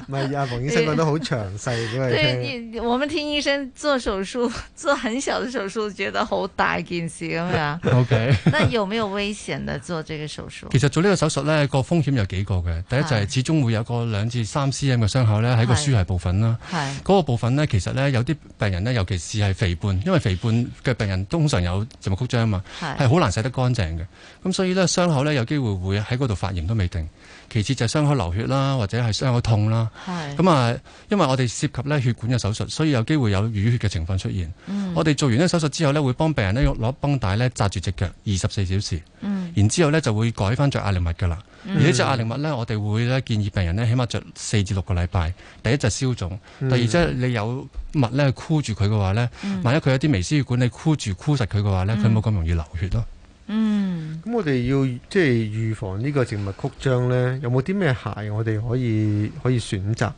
唔係啊，黃就醫生講得好詳細嘅。 對，對，我們聽醫生做手術，做很小的手術，覺得好大件事咁樣。O K，那有沒有危險的做這個手術？其實做呢個手術呢個風險有幾個嘅。第一就係始終會有個兩至三 C M 嘅傷口呢喺個輸液部分啦。嗰是個部分呢，其實呢有啲病人呢，尤其是係肥胖，因為肥胖嘅病人通常有靜脈曲張啊嘛，係是，好難洗得乾淨嘅。咁所以呢，傷口呢有機會會喺嗰度發炎都未定。其次就係傷口流血啦，或者係傷口痛啦。係是。咁啊，因為我哋涉及咧血管嘅手術，所以有機會有淤血嘅情況出現。嗯。我哋做完呢手術之後咧，會幫病人咧用攞繃帶咧紮住隻腳二十四小時。嗯。然之後咧就會改翻着壓力襪㗎啦。嗯。而啲著壓力襪咧，我哋會咧建議病人咧，起碼着四至六個禮拜。第一就係消腫，第二即係你有襪咧箍住佢嘅話咧，嗯。萬一佢有啲微絲血管你箍住箍實佢嘅話咧，佢冇咁容易流血咯。嗯，咁我哋要即係預防呢個植物曲張咧，有冇啲咩鞋我哋可以可以選擇？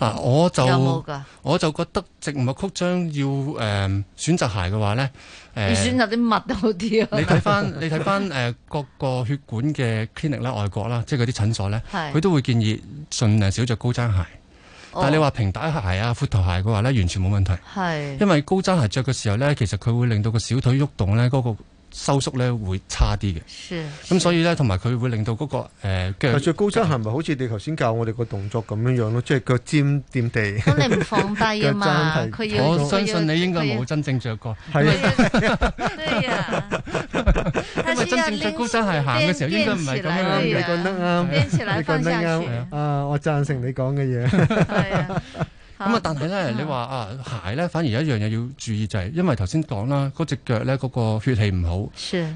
啊我就有有，我就覺得植物曲張要誒選擇鞋嘅話咧，誒、呃，選擇啲襪都好啲。你睇看翻 你睇翻誒各個血管嘅 clinic 啦，外國啦，即係嗰啲診所咧，佢是都會建議盡量少着高踭鞋。哦、但係你話平底鞋啊、闊頭鞋嘅話咧，完全冇問題。係是，因為高踭鞋着嘅時候咧，其實佢會令到個小腿喐動咧，嗰、那個。收縮咧會差啲嘅，咁所以咧同埋佢會令到嗰個誒腳。做高踭行咪好似你頭先教我哋個動作咁樣樣咯，即係腳尖點地。咁你唔放低啊嘛，我相信你應該冇真正着過。係啊，係啊，因為真正穿高踭鞋行嘅時候，應該唔係咁樣。你覺得啊？你覺得啊？啊！我贊成你講嘅嘢。咁啊！但係咧，啊、你話啊鞋咧，反而有一樣嘢要注意就係，因為頭先講啦，嗰隻腳咧嗰、嗰個血氣唔好，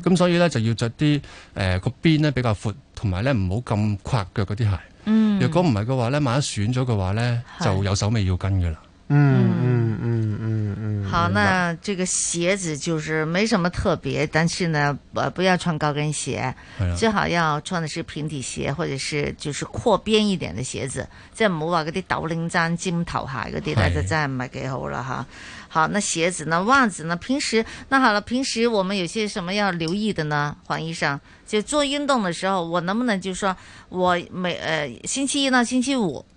咁是所以咧就要着啲誒個邊咧比較闊，同埋咧唔好咁跨腳嗰啲鞋。嗯、若果唔係嘅話咧，萬一損咗嘅話咧，就有手尾要跟㗎啦。嗯嗯嗯嗯嗯，嗯嗯嗯嗯好，那這個鞋子就是沒什麼特別，但是呢，呃，不要穿高跟鞋，哎、呀最好要穿的是平底鞋或者是就是闊邊一點的鞋子，即唔好話嗰啲斗零踭尖頭鞋哈，嗰啲咧，就真係唔係幾好啦哈。好，那鞋子呢？襪子呢？平時那好了，平時我們有些什麼要留意的呢？黃醫生，就做運動的時候，我能不能就是說我每呃星期一到星期五？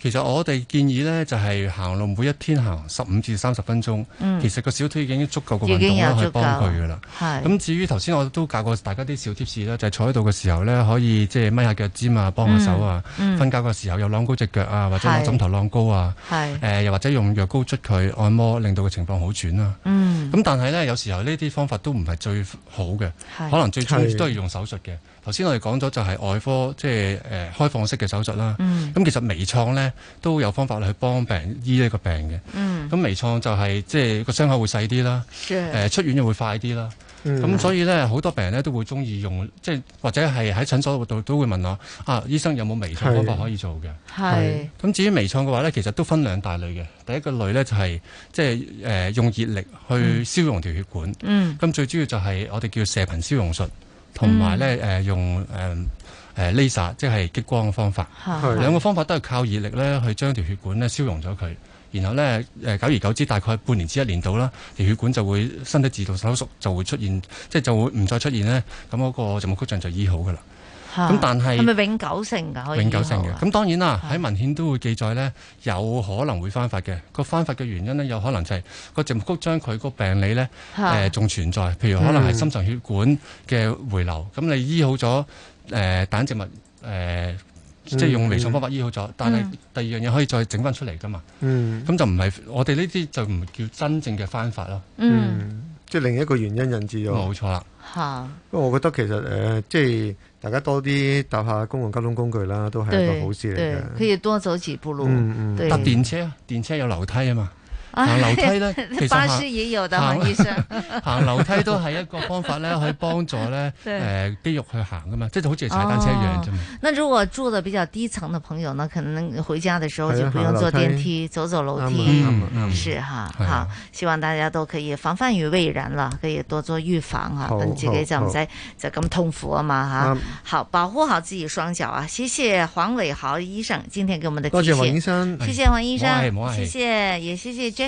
其實我哋建議呢，就係行路，每一天行十五至三十分鐘。其實個小腿已經足夠個運動都可以幫佢噶啦。咁至於頭先我都教過大家啲小貼士啦，就係坐喺度嘅時候呢，可以即係掹下腳尖啊，幫下手啊。瞓覺嘅時候又擰高隻腳啊，或者攞枕頭擰高啊。又或者用藥膏捽佢按摩，令到個情況好轉啦。咁但係呢，有時候呢啲方法都唔係最好嘅，可能最終都係用手術嘅。頭先我哋講咗就係外科，即係誒、呃、開放式嘅手術啦。咁、嗯、其實微創咧都有方法去幫病人醫呢個病嘅。咁、嗯、微創就係、是、即係個傷口會細啲啦，誒是、呃、出院又會快啲啦。咁、嗯、所以咧好多病人咧都會中意用，即係或者係喺診所度都會問我：啊，醫生有冇微創方法可以做嘅？係是。咁是至於微創嘅話咧，其實都分兩大類嘅。第一個類咧就係、是、即係誒、呃、用熱力去消融條血管。咁、嗯嗯、最主要就係我哋叫射頻消融術。同埋咧，誒、呃、用誒誒 Laser，即係激光嘅方法， 兩個方法都係靠熱力咧，去將條血管咧消融咗佢。然後咧，誒久而久之，大概半年至一年度啦，條血管就會身體自動收縮就會出現，即係就會唔再出現咧。咁嗰個靜脈曲張就醫好噶啦。咁但係係咪永久性㗎？永久性嘅。咁當然啦，喺文獻都會記載咧，有可能會翻發嘅。個翻發嘅原因咧，有可能就係個植物區將佢個病理咧誒仲存在。譬如可能係心臟血管嘅回流。咁你醫好咗誒，單植物誒，即係用微創方法醫好咗。但係第二樣嘢可以再整翻出嚟㗎嘛？咁就唔係我哋呢啲就唔叫真正嘅翻發咯。嗯，即係另一個原因引致咗。冇錯啦。嚇！不過我覺得其實誒，即係。大家多啲搭下公共交通工具啦，都係一個好事嚟嘅。可以多走幾步路，搭、嗯嗯、對電車啊，電車有樓梯啊嘛。行樓梯呢，巴士也有的，黃醫生。行樓梯都係一個方法咧，去幫助咧誒肌肉去行噶嘛，即係好似踩單車一樣啫嘛。那如果住得比較低層的朋友，呢可能回家的時候就不用坐電梯，走走樓梯，嗯是哈。好，希望大家都可以防範於未然啦，可以多做預防啊。咁自己就唔使就咁痛苦啊嘛嚇，好保護好自己雙腳啊！謝謝黃偉豪醫生今天給我們的提醒。謝謝黃醫生，謝謝，也謝謝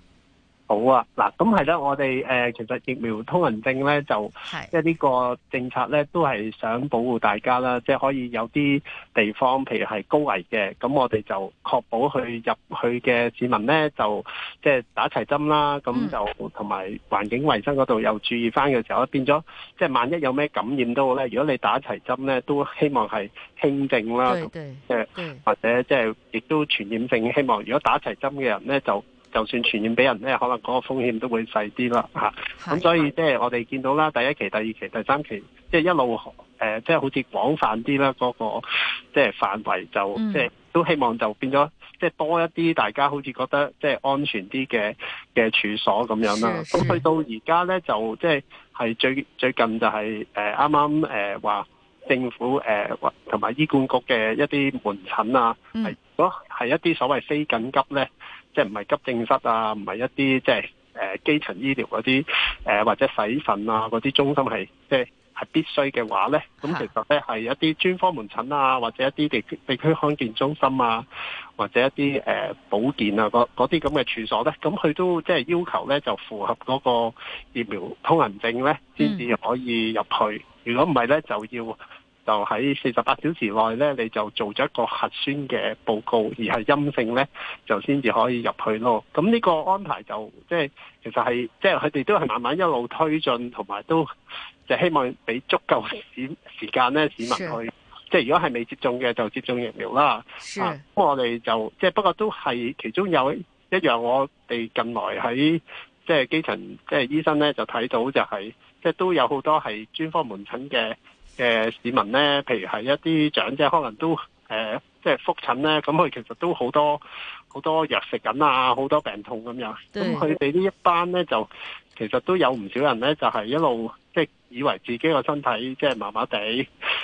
好啊，嗱，咁係啦，我哋誒、呃，其實疫苗通行證咧，就即係呢個政策咧，都係想保護大家啦，即係可以有啲地方，譬如係高危嘅，咁我哋就確保去入去嘅市民咧，就即係打齊針啦，咁就同埋環境衛生嗰度又注意翻嘅時候，變咗即係萬一有咩感染都好咧，如果你打齊針咧，都希望係輕症啦，即係或者即係亦都傳染性，希望如果打齊針嘅人咧就。就算傳染俾人咧，可能嗰個風險都會細啲啦，咁是是 所以即係我哋見到啦，第一期、第二期、第三期，即係一路誒，即係好似廣泛啲啦，嗰、嗰個即係範圍就即係、嗯、都希望就變咗，即係多一啲大家好似覺得即係安全啲嘅嘅處所咁樣啦。咁是是 去到而家咧，就即係係最最近就係誒啱啱誒話政府誒同埋醫管局嘅一啲門診啊，如果係一啲所謂非緊急咧。即係唔係急症室啊，唔係一啲即係誒、呃、基層醫療嗰啲誒或者洗腎啊嗰啲中心係即係係必須嘅話咧，咁其實咧係一啲專科門、門診啊，或者一啲地區地區康健中心啊，或者一啲誒、呃、保健啊嗰啲咁嘅處所咧，咁佢都即係要求咧就符合嗰個疫苗通行證咧先至可以入去，如果唔係咧就要。就喺四十八小時內咧，你就做咗一個核酸嘅報告，而係陰性咧，就先至可以入去咯。咁呢個安排就即係其實係即係佢哋都係慢慢一路推進，同埋都就希望俾足夠時時間咧市民去。Sure. 即係如果係未接種嘅，就接種疫苗啦。咁 Sure.、啊、我哋就即係不過都係其中有一樣，我哋近來喺即係基層即係醫生咧就睇到就係、是、即係都有好多係專科門診嘅。嘅市民咧，譬如係一啲長者，可能都即係覆診咧。咁佢其實都好多好多藥食緊啊，好多病痛咁樣。咁佢哋呢一班咧，就其實都有唔少人咧，就係、是、一路即係、就是、以為自己個身體即係麻麻地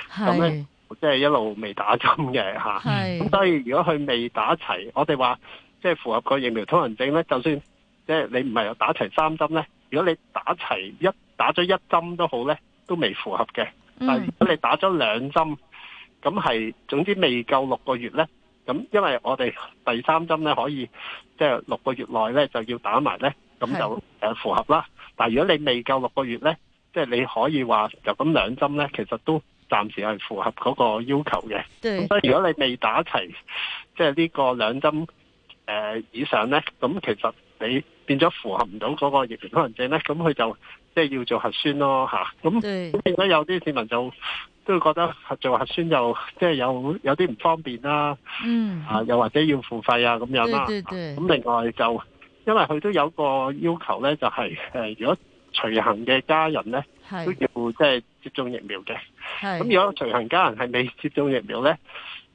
咁咧，即係是、就是、一路未打針嘅咁是，所以如果佢未打齊，我哋話即係符合個疫苗通行證咧，就算即係、就是、你唔係有打齊三針咧，如果你打齊一打咗一針都好咧，都未符合嘅。但如果你打咗兩針，咁係總之未夠六個月呢。咁因為我哋第三針呢，可以即係、就是、六個月內呢，就要打埋呢。咁就誒符合啦。是但如果你未夠六個月呢，即、就、係、是、你可以話就咁兩針呢，其實都暫時係符合嗰個要求嘅。咁所以如果你未打齊，即係呢個兩針誒以上呢，咁其實你。變咗符合唔到嗰個疫苗通行證咧，咁佢就即係要做核酸咯吓。咁變咗有啲市民就都會覺得做核酸又即係有有啲唔方便啦。嗯，啊又或者要付費啊咁樣啦。對對對。咁另外就因為佢都有個要求咧、就是，就係如果隨行嘅家人咧都要即係接種疫苗嘅。咁是如果隨行家人係未接種疫苗咧，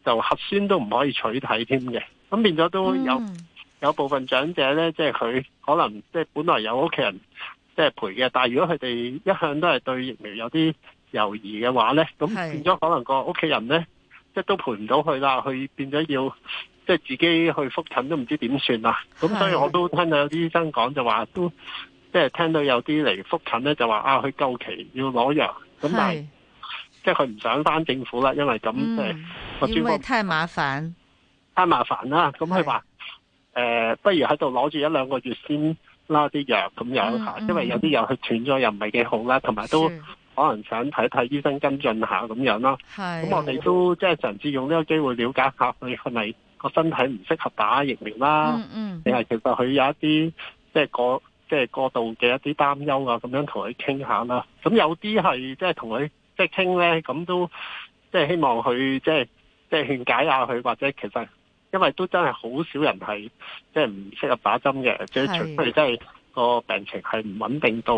就核酸都唔可以取替添嘅。咁變咗都有。嗯有部分長者咧，即係佢可能即係本來有屋企人即係陪嘅，但係如果佢哋一向都係對疫苗有啲猶豫嘅話咧，咁變咗可能個屋企人咧即係都陪唔到佢啦，佢變咗要即係、就是、自己去覆診都唔知點算啦。咁所以我都聽到有啲醫生講就話都即係、就是、聽到有啲嚟覆診咧就話啊，佢夠期要攞藥，咁但係即係佢唔想返政府啦，因為咁即係因為太麻煩，太麻煩啦。咁佢話。誒、呃，不如喺度攞住一兩個月先啦啲藥，咁樣吓，嗯嗯，因為有啲藥佢斷咗又唔係幾好啦，同埋、嗯嗯、都可能想睇睇醫生跟進下咁樣啦。係，咁我哋都即係甚至用呢個機會了解下佢係咪個身體唔適合打疫苗啦。嗯你、嗯、係其實佢有一啲即係過即係過度嘅一啲擔憂啊，咁樣同佢傾下啦。咁有啲係即係同佢即係傾咧，咁都即係希望佢即係即係勸解下佢，或者其實。因為都真係好少人係即係唔適合打針嘅，即係的除非真係，個病情係唔穩定到，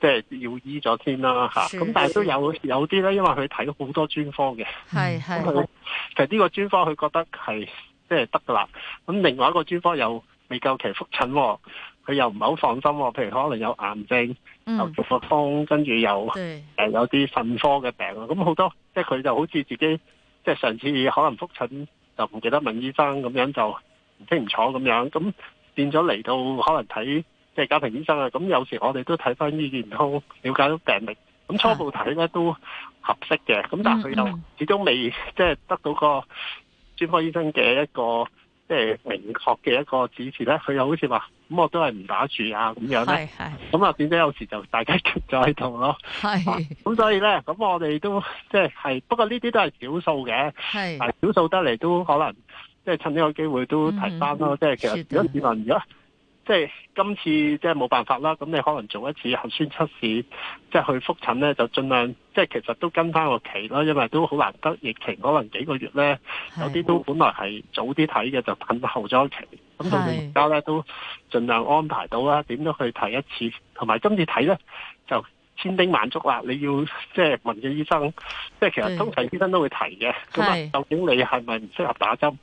即係要醫咗先啦吓。咁的但係都有有啲咧，因為佢睇咗好多專科嘅，咁的、嗯、其實呢個專科佢覺得係即係得噶啦。咁另外一個專科又未夠期覆診，佢又唔係好放心，哦。譬如可能有癌症、嗯、有結核、方，跟住有誒對、呃、有啲腎科嘅病啊。咁好多即係佢就好似自己即係上次可能覆診。就唔記得問醫生，咁樣就唔清唔楚咁樣，咁變咗嚟到可能睇即係家庭醫生啊。咁有時我哋都睇翻醫院，都了解到病歷，咁初步睇咧都合適嘅。咁但係佢又始終未即係、就是、得到個專科醫生嘅一個。即係明確嘅一個指示咧，佢又好似話咁，我都係唔打住啊咁樣咧。係係咁啊，是是變咗有時就大家停咗喺度咯。係咁是是、啊，所以咧，咁我哋都即係係，不過呢啲都係少數嘅。係，但係少數得嚟都可能，即係趁呢個機會都提翻咯，嗯嗯即係其實如果市民。即係今次即係冇辦法啦，咁你可能做一次核酸測試，即係去復診咧，就盡量即係其實都跟翻個期咯，因為都好難得，疫情可能幾個月咧，有啲都本來係早啲睇嘅，就等候咗期。咁的到而家咧都盡量安排到啦，點都去睇一次。同埋今次睇咧就千叮萬囑啦，你要即係問嘅醫生，即係其實通常醫生都會提嘅，咁啊的究竟你係咪唔適合打針？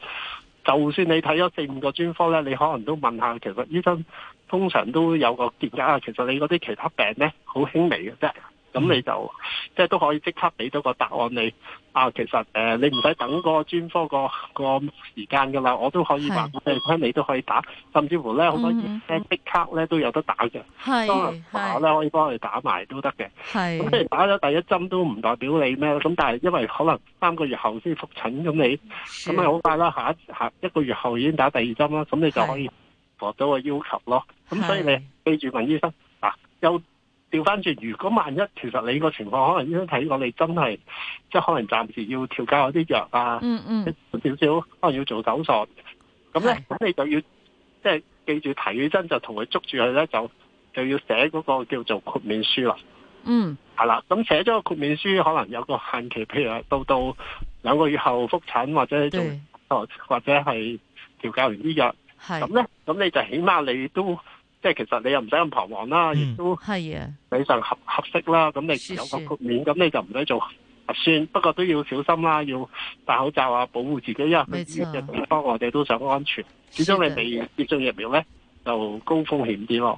就算你睇咗四五個專科呢，你可能都問下，其實醫生通常都有個結果啊。其實你嗰啲其他病呢，好輕微嘅啫。咁你就、嗯、即係都可以即刻俾到個答案你啊，其實誒、呃，你唔使等個專科、嗰個、嗰個時間噶啦，我都可以話俾你聽，是你係你都可以打，甚至乎咧好多醫生即刻咧都有得打嘅，當日打咧可以幫你、嗯 uh, 打埋都得嘅。咁雖然打咗第一針都唔代表你咩，咁但係因為可能三個月後先復診，咁你咁咪好快啦下一，下一個月後已經打第二針啦，咁你就可以達到個要求咯。咁是所以你記住問醫生休。啊調翻轉，如果萬一其實你個情況可能已經睇過你真係，即係可能暫時要調教嗰啲藥啊，嗯嗯，嗯少少可能要做手術，咁咧咁你就要即係記住睇真就同佢捉住佢咧就就要寫嗰個叫做豁免書、嗯、啦。嗯，係啦，咁寫咗個豁免書可能有個限期，譬如話到到兩個月後復診或者做，哦對或者係調教完啲藥，係咁咧咁你就起碼你都。即係其實你又唔使咁彷徨啦，亦都理論上合合適啦。咁你有個局面，咁是是 你就唔使做核酸，不過都要小心啦，要戴口罩啊，保護自己。因為去邊嘅地方，我哋都想安全。始終你未接種疫苗咧，就高風險啲咯。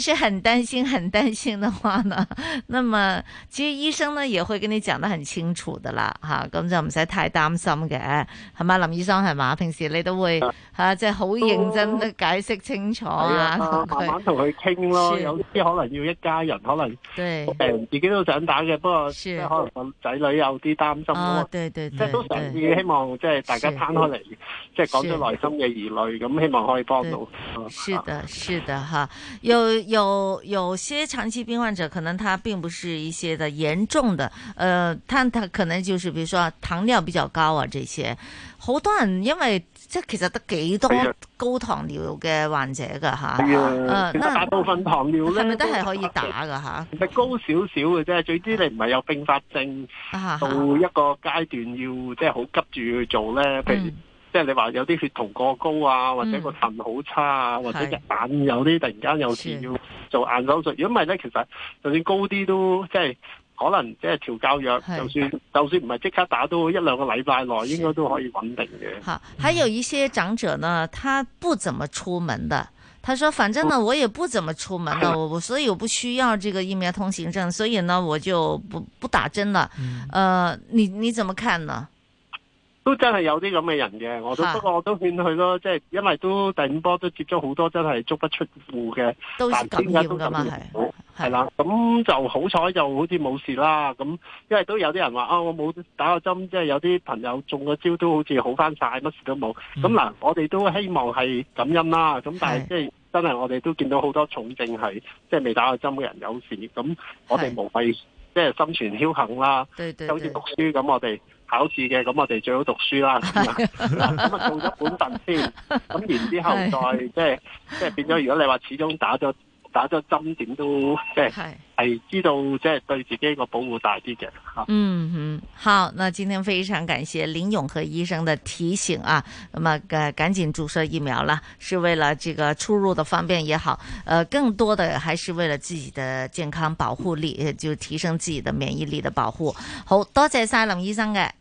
是很擔心，很擔心的話呢，那麼其實醫生呢也會跟你講得很清楚的啦。吓，咁就唔使太擔心嘅係嘛，林醫生係嘛？平時你都會吓即係好認真解釋清楚啊。慢慢同佢傾咯，有啲可能要一家人，可能對病人自己都想打嘅，不過係可能個仔女有啲擔心咯。對對對，即都嘗試希望即係大家攤開嚟，即係講出內心嘅疑慮，咁希望可以幫到。是的，是的，吓。又。有有些長期病患者，可能他並不是一些的嚴重的，呃，他他可能就是，比如說糖尿比較高啊，這些，好多人因為即係其實得幾多高糖尿嘅患者噶吓，啊，大部分糖尿咧係咪都係可以打噶吓？係高少少嘅啫，總之，你唔係有併發症哈哈到一個階段要即係好急住去做咧，譬如。嗯即係你話有啲血糖過高啊，或者個腎好差啊，嗯、或者隻眼有啲突然間有事要做眼手術，如果唔係咧，其實就算高啲都即係、就是、可能即係調教藥，是就算是就算唔係即刻打都一兩個禮拜內應該都可以穩定嘅。吓，還有一些長者呢，他不怎麼出門的，他說：反正呢，我也不怎麼出門了，我我、嗯、所以我不需要這個疫苗通行證，嗎所以呢，我就不不打針了。嗯，呃，你你怎麼看呢？都真係有啲咁嘅人嘅，我都、啊、不過我都勸佢咯，即、就、係、是、因為都第五波都接咗好多真係足不出戶嘅，都緊要係，係啦，咁就好彩就好似冇事啦。咁因為都有啲人話啊、哦，我冇打個針，即、就、係、是、有啲朋友中個招都好似好翻晒，乜事都冇。咁嗱、嗯，我哋都希望係感恩啦。咁但係即、就是、是真係我哋都見到好多重症係即係未打個針嘅人有事。咁我哋無謂是即係心存僥倖啦，好似讀書咁我哋。考試嘅咁，我哋最好讀書啦。咁啊，到咗 本分先，咁 然之後再 即係即係變咗。如果你話始終打咗打咗針，點都即係係 是知道即係對自己個保護大啲嘅。嗯嗯，好，那今天非常感謝林永和醫生嘅提醒啊。咁啊，趕趕緊注射疫苗啦，是為了這個出入的方便也好，呃，更多的還是為了自己的健康保護力，就提升自己的免疫力的保護。好多謝晒林醫生嘅、啊。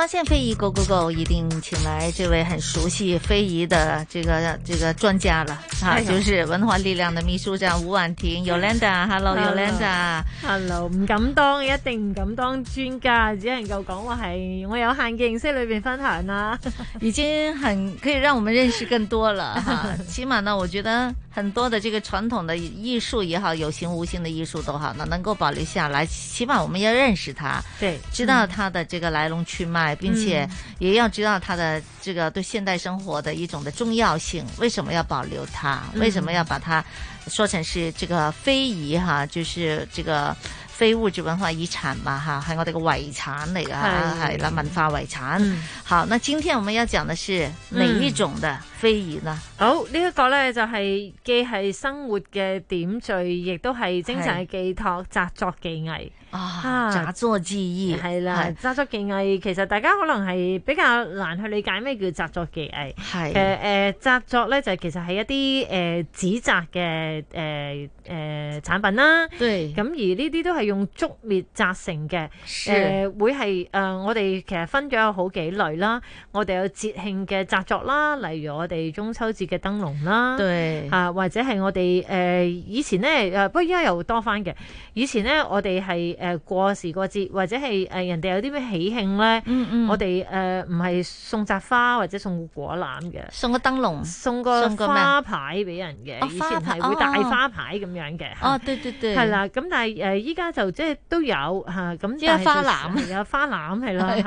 發現非遺 Go Go Go，一定請來這位很熟悉非遺的這個這個專家了啊，就是文化力量的秘書長伍婉婷 Yolanda，Hello，Yolanda，Hello，唔敢當，一定唔敢當專家，只能夠講，話係我有限嘅認識裏邊分享啦。 已經很可以讓我們認識更多了哈、啊，起碼呢，我覺得很多的這個傳統的藝術也好，有形無形的藝術都好，能夠保留下來，起碼我們要認識它，對，知道它的這個來龍去脈。並且也要知道它的這個對現代生活的一種的重要性，為什麼要保留它？為什麼要把它說成是這個非遺哈？就是這個非物質文化遺產嘛，哈，係我哋嘅遺產嚟噶，係啦的文化遺產。嗯、好，那今天我們要講的是哪一種的非遺呢？好、嗯，oh, 這呢一個咧就係、是、既係生活嘅點綴，亦都係精神嘅寄託，紮是作技藝。哦、紮作技藝啊！紮作技藝係啦，紮的作技藝其實大家可能係比較難去理解咩叫紮作技藝。係誒誒，呃、紮作咧就係其實係一啲誒紙紮嘅誒誒產品啦。對，咁而呢啲都係用竹篾紮成嘅。是，誒、呃、會係誒、呃、我哋其實分咗有好幾類啦。我哋有節慶嘅紮作啦，例如我哋中秋節嘅燈籠啦。對，啊或者係我哋誒、呃、以前咧誒、呃，不過而家又多翻嘅。以前咧我哋係。誒過時過節，或者係誒人哋有啲咩喜慶咧，我哋誒唔係送紮花或者送果籃嘅，送個燈籠，送個花牌俾人嘅，以前會大花牌咁樣嘅。哦，對對對，係啦。咁但係誒，依家就即係都有嚇咁。花籃，有花籃係啦，係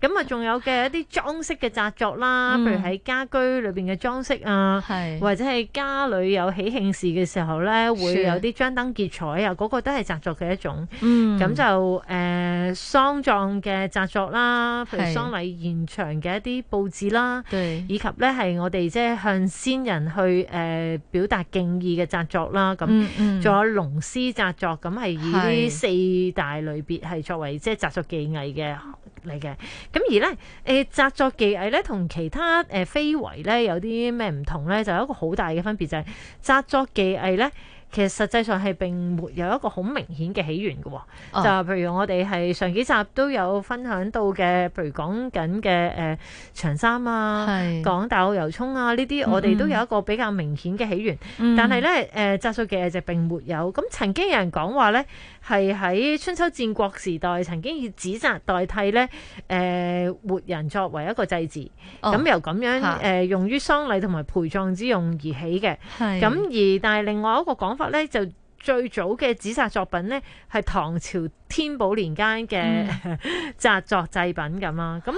咁啊，仲有嘅一啲裝飾嘅紮作啦，譬如喺家居裏邊嘅裝飾啊，或者係家裏有喜慶事嘅時候咧，會有啲張燈結彩啊，嗰個都係紮作嘅一種。咁、嗯、就誒、呃、喪葬嘅紮作啦，譬如喪禮現場嘅一啲佈置啦，對以及咧係我哋即係向先人去誒、呃、表達敬意嘅紮作啦。咁，仲有龍獅紮作，咁係、嗯、以呢四大類別係作為即係紮作技藝嘅嚟嘅。咁而咧誒紮作技藝咧，同其他誒、呃、非遺咧有啲咩唔同咧？就有一個好大嘅分別就係、是、紮作技藝咧。其實實際上係並沒有一個好明顯嘅起源嘅，哦、就係譬如我哋係上幾集都有分享到嘅，譬如講緊嘅誒長衫啊，講是大澳油葱啊呢啲，這些我哋都有一個比較明顯嘅起源。嗯、但係呢，誒、呃，紮作嘅就並沒有。咁曾經有人講話呢。係喺春秋戰國時代曾經以紙紮代替咧，誒、呃、活人作為一個祭祀，咁、哦、由咁樣誒、呃、用於喪禮同埋陪葬之用而起嘅。咁是而但係另外一個講法咧，就最早嘅紙紮作品咧係唐朝天寶年間嘅紮、嗯、 作製品咁啦。咁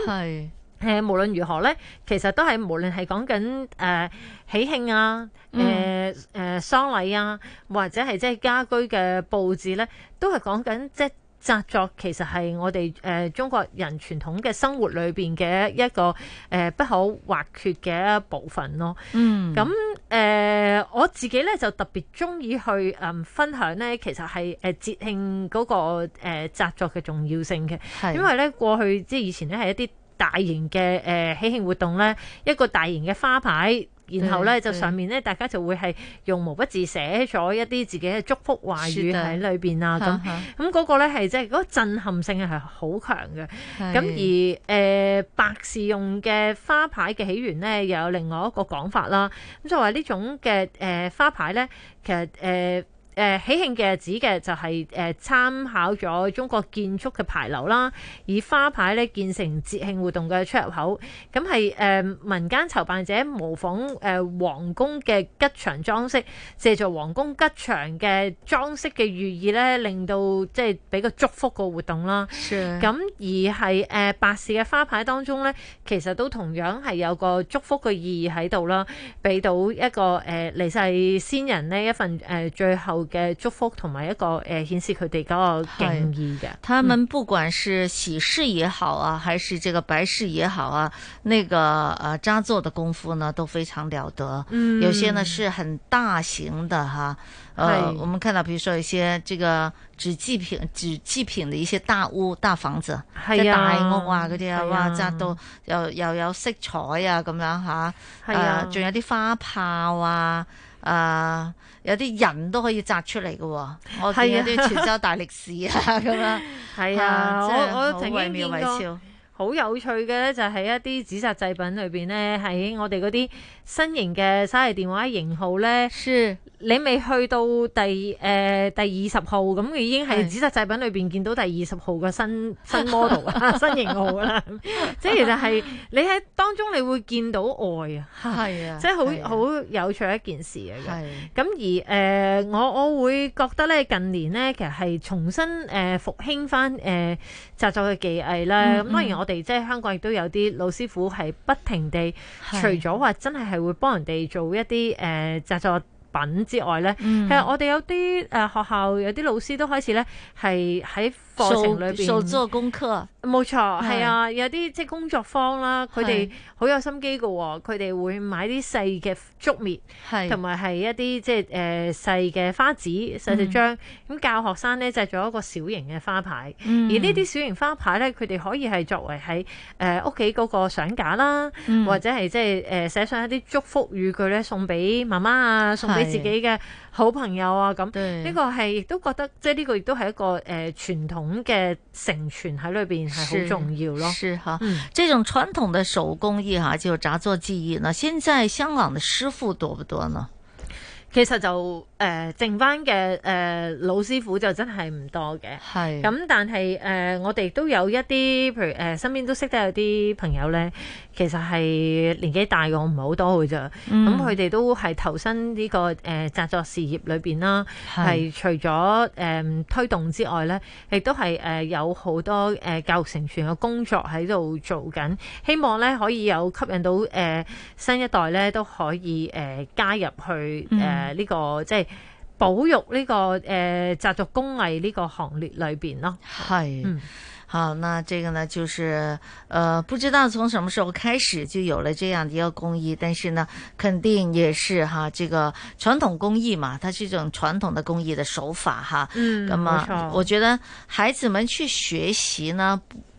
誒，無論如何咧，其實都係無論係講緊誒喜慶啊，誒誒喪禮啊，或者係即係家居嘅布置咧，都係講緊即係紮作，其實係我哋誒、呃、中國人傳統嘅生活裏邊嘅一個誒、呃、不可或缺嘅一部分咯。嗯，咁誒、呃、我自己咧就特別中意去誒、嗯、分享咧，其實係誒節慶嗰個誒紮、呃、作嘅重要性嘅，的因為咧過去即係以前咧係一啲。大型嘅誒喜慶活動咧，一個大型嘅花牌，然後咧對就上面咧，對大家就會係用毛筆字寫咗一啲自己嘅祝福話語喺裏邊啊咁。咁嗰、嗰個咧係即係嗰個震撼性係好強嘅。咁的而誒白、呃、事用嘅花牌嘅起源咧，又有另外一個講法啦。咁就話呢種嘅誒、呃、花牌咧，其實誒，呃誒喜慶嘅指嘅就係誒參考咗中國建築嘅牌樓啦，以花牌咧建成節慶活動嘅出入口，咁係誒民間籌辦者模仿誒皇宮嘅吉祥裝飾，借助皇宮吉祥嘅裝飾嘅寓意咧，令到即係俾個祝福個活動啦。咁的而係誒白事嘅花牌當中咧，其實都同樣係有個祝福嘅意義喺度啦，俾到一個誒離世先人呢一份誒最後嘅祝福同埋一個誒，顯、呃、示佢哋嗰個敬意嘅。他們不管是喜事也好啊，嗯、還是這個白事也好啊，那個誒紮、呃、作的功夫呢都非常了得。嗯，有些呢是很大型的哈。誒、啊是呃，我們看到，比如說一些這個紙祭品、紙祭品的一些大屋、大房子，係、啊、大屋啊嗰啲啊，哇、啊，扎到又又有色彩啊咁樣吓，係啊，仲、啊呃、有啲花炮啊。啊！Uh, 有啲人都可以摘出嚟嘅，我見有啲泉州大歷史是啊咁啦 樣，係啊，即係好微妙微笑好有趣嘅咧，就係一啲紙紮製品裏邊咧，喺我哋嗰啲新型嘅手機電話型號咧，是你未去到第誒、呃、第二十號，咁已經係紙紮製品裏邊見到第二十號嘅新新 model 新型號啦。 即係其實係你喺當中，你會見到愛啊，係啊，即係好好有趣一件事嚟嘅。咁、啊、而誒、呃，我我會覺得咧，近年咧，其實係重新誒復、呃、興翻誒紮作嘅技藝啦。咁、嗯嗯、當然我。即係香港亦都有啲老師傅係不停地，是除咗話真係係會幫人哋做一啲誒紮作品之外咧，嗯、其實我哋有啲誒、呃、學校有啲老師都開始咧係喺。做做功課，冇錯，係是啊！有啲即係工作坊啦，佢哋好有心機嘅喎，佢哋是會買啲細嘅竹篾，係同埋係一啲即係誒細嘅花紙、細細張，咁、嗯、教學生咧製作一個小型嘅花牌，嗯、而呢啲小型花牌咧，佢哋可以係作為喺誒屋企嗰個相架啦，嗯、或者係即係誒寫上一啲祝福語句咧，送俾媽媽啊，送俾自己嘅。好朋友啊，咁呢個係亦都覺得，即係呢個亦都係一個誒、呃、傳統嘅承傳喺裏邊係好重要咯、嗯。是哈，這種傳統嘅手工藝哈、啊，就紮作技藝，呢現在香港嘅師傅多不多呢？其實就誒、呃、剩返嘅誒老師傅就真係唔多嘅，咁是但係誒、呃、我哋都有一啲，譬如、呃、身邊都識得有啲朋友咧，其實係年紀大過我唔係好多嘅咋。咁佢哋都係投身呢、這個誒紮、呃、作事業裏面啦，係是除咗誒、呃、推動之外咧，亦都係誒、呃、有好多誒、呃、教育承傳嘅工作喺度做緊，希望咧可以有吸引到誒、呃、新一代咧都可以誒、呃、加入去誒。呃嗯誒，呢、嗯這個即係保育呢、這個誒紮作工藝呢個行列裏邊咯，係是，嗯、好，那這個呢就是，呃不知道從什麼時候開始就有了這樣的一個工藝，但是呢，肯定也是哈，這個傳統工藝嘛，它是一種傳統的工藝的手法哈，嗯，咁啊麼，錯我覺得孩子們去學習呢。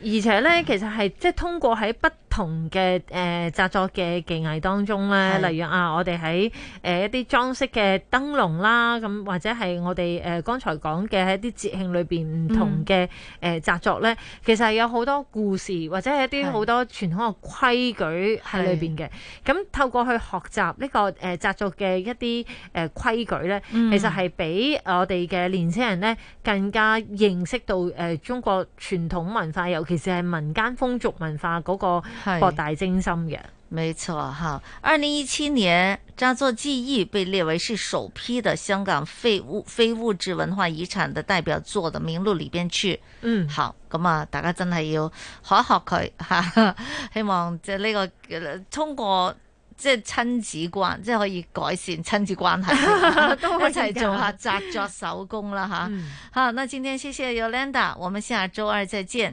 而且咧，其實係即係通過喺不同嘅誒紮作嘅技藝當中咧，例如啊，我哋喺誒一啲裝飾嘅燈籠啦，咁或者係我哋誒剛才講嘅喺一啲節慶裏邊唔同嘅誒紮作咧，其實係有好多故事或者係一啲好多傳統嘅規矩喺裏邊嘅。咁的透過去學習，這個呃呃、呢個誒紮作嘅一啲誒規矩咧，嗯、其實係俾我哋嘅年青人咧更加認識到誒、呃、中國傳統文化有。其實係民間風俗文化嗰個博大精深嘅，沒錯哈。二零一七年紮作技藝被列為是首批的香港非物非物質文化遺產的代表作的名錄裏邊去。嗯，好，咁啊，大家真係要學一學佢吓，希望即係呢個通過即係親子關，即係可以改善親子關係， 都 一齊做一下紮作手工啦，哈，啊。嗯、好，那今天謝謝 Yolanda，我們下周二再見。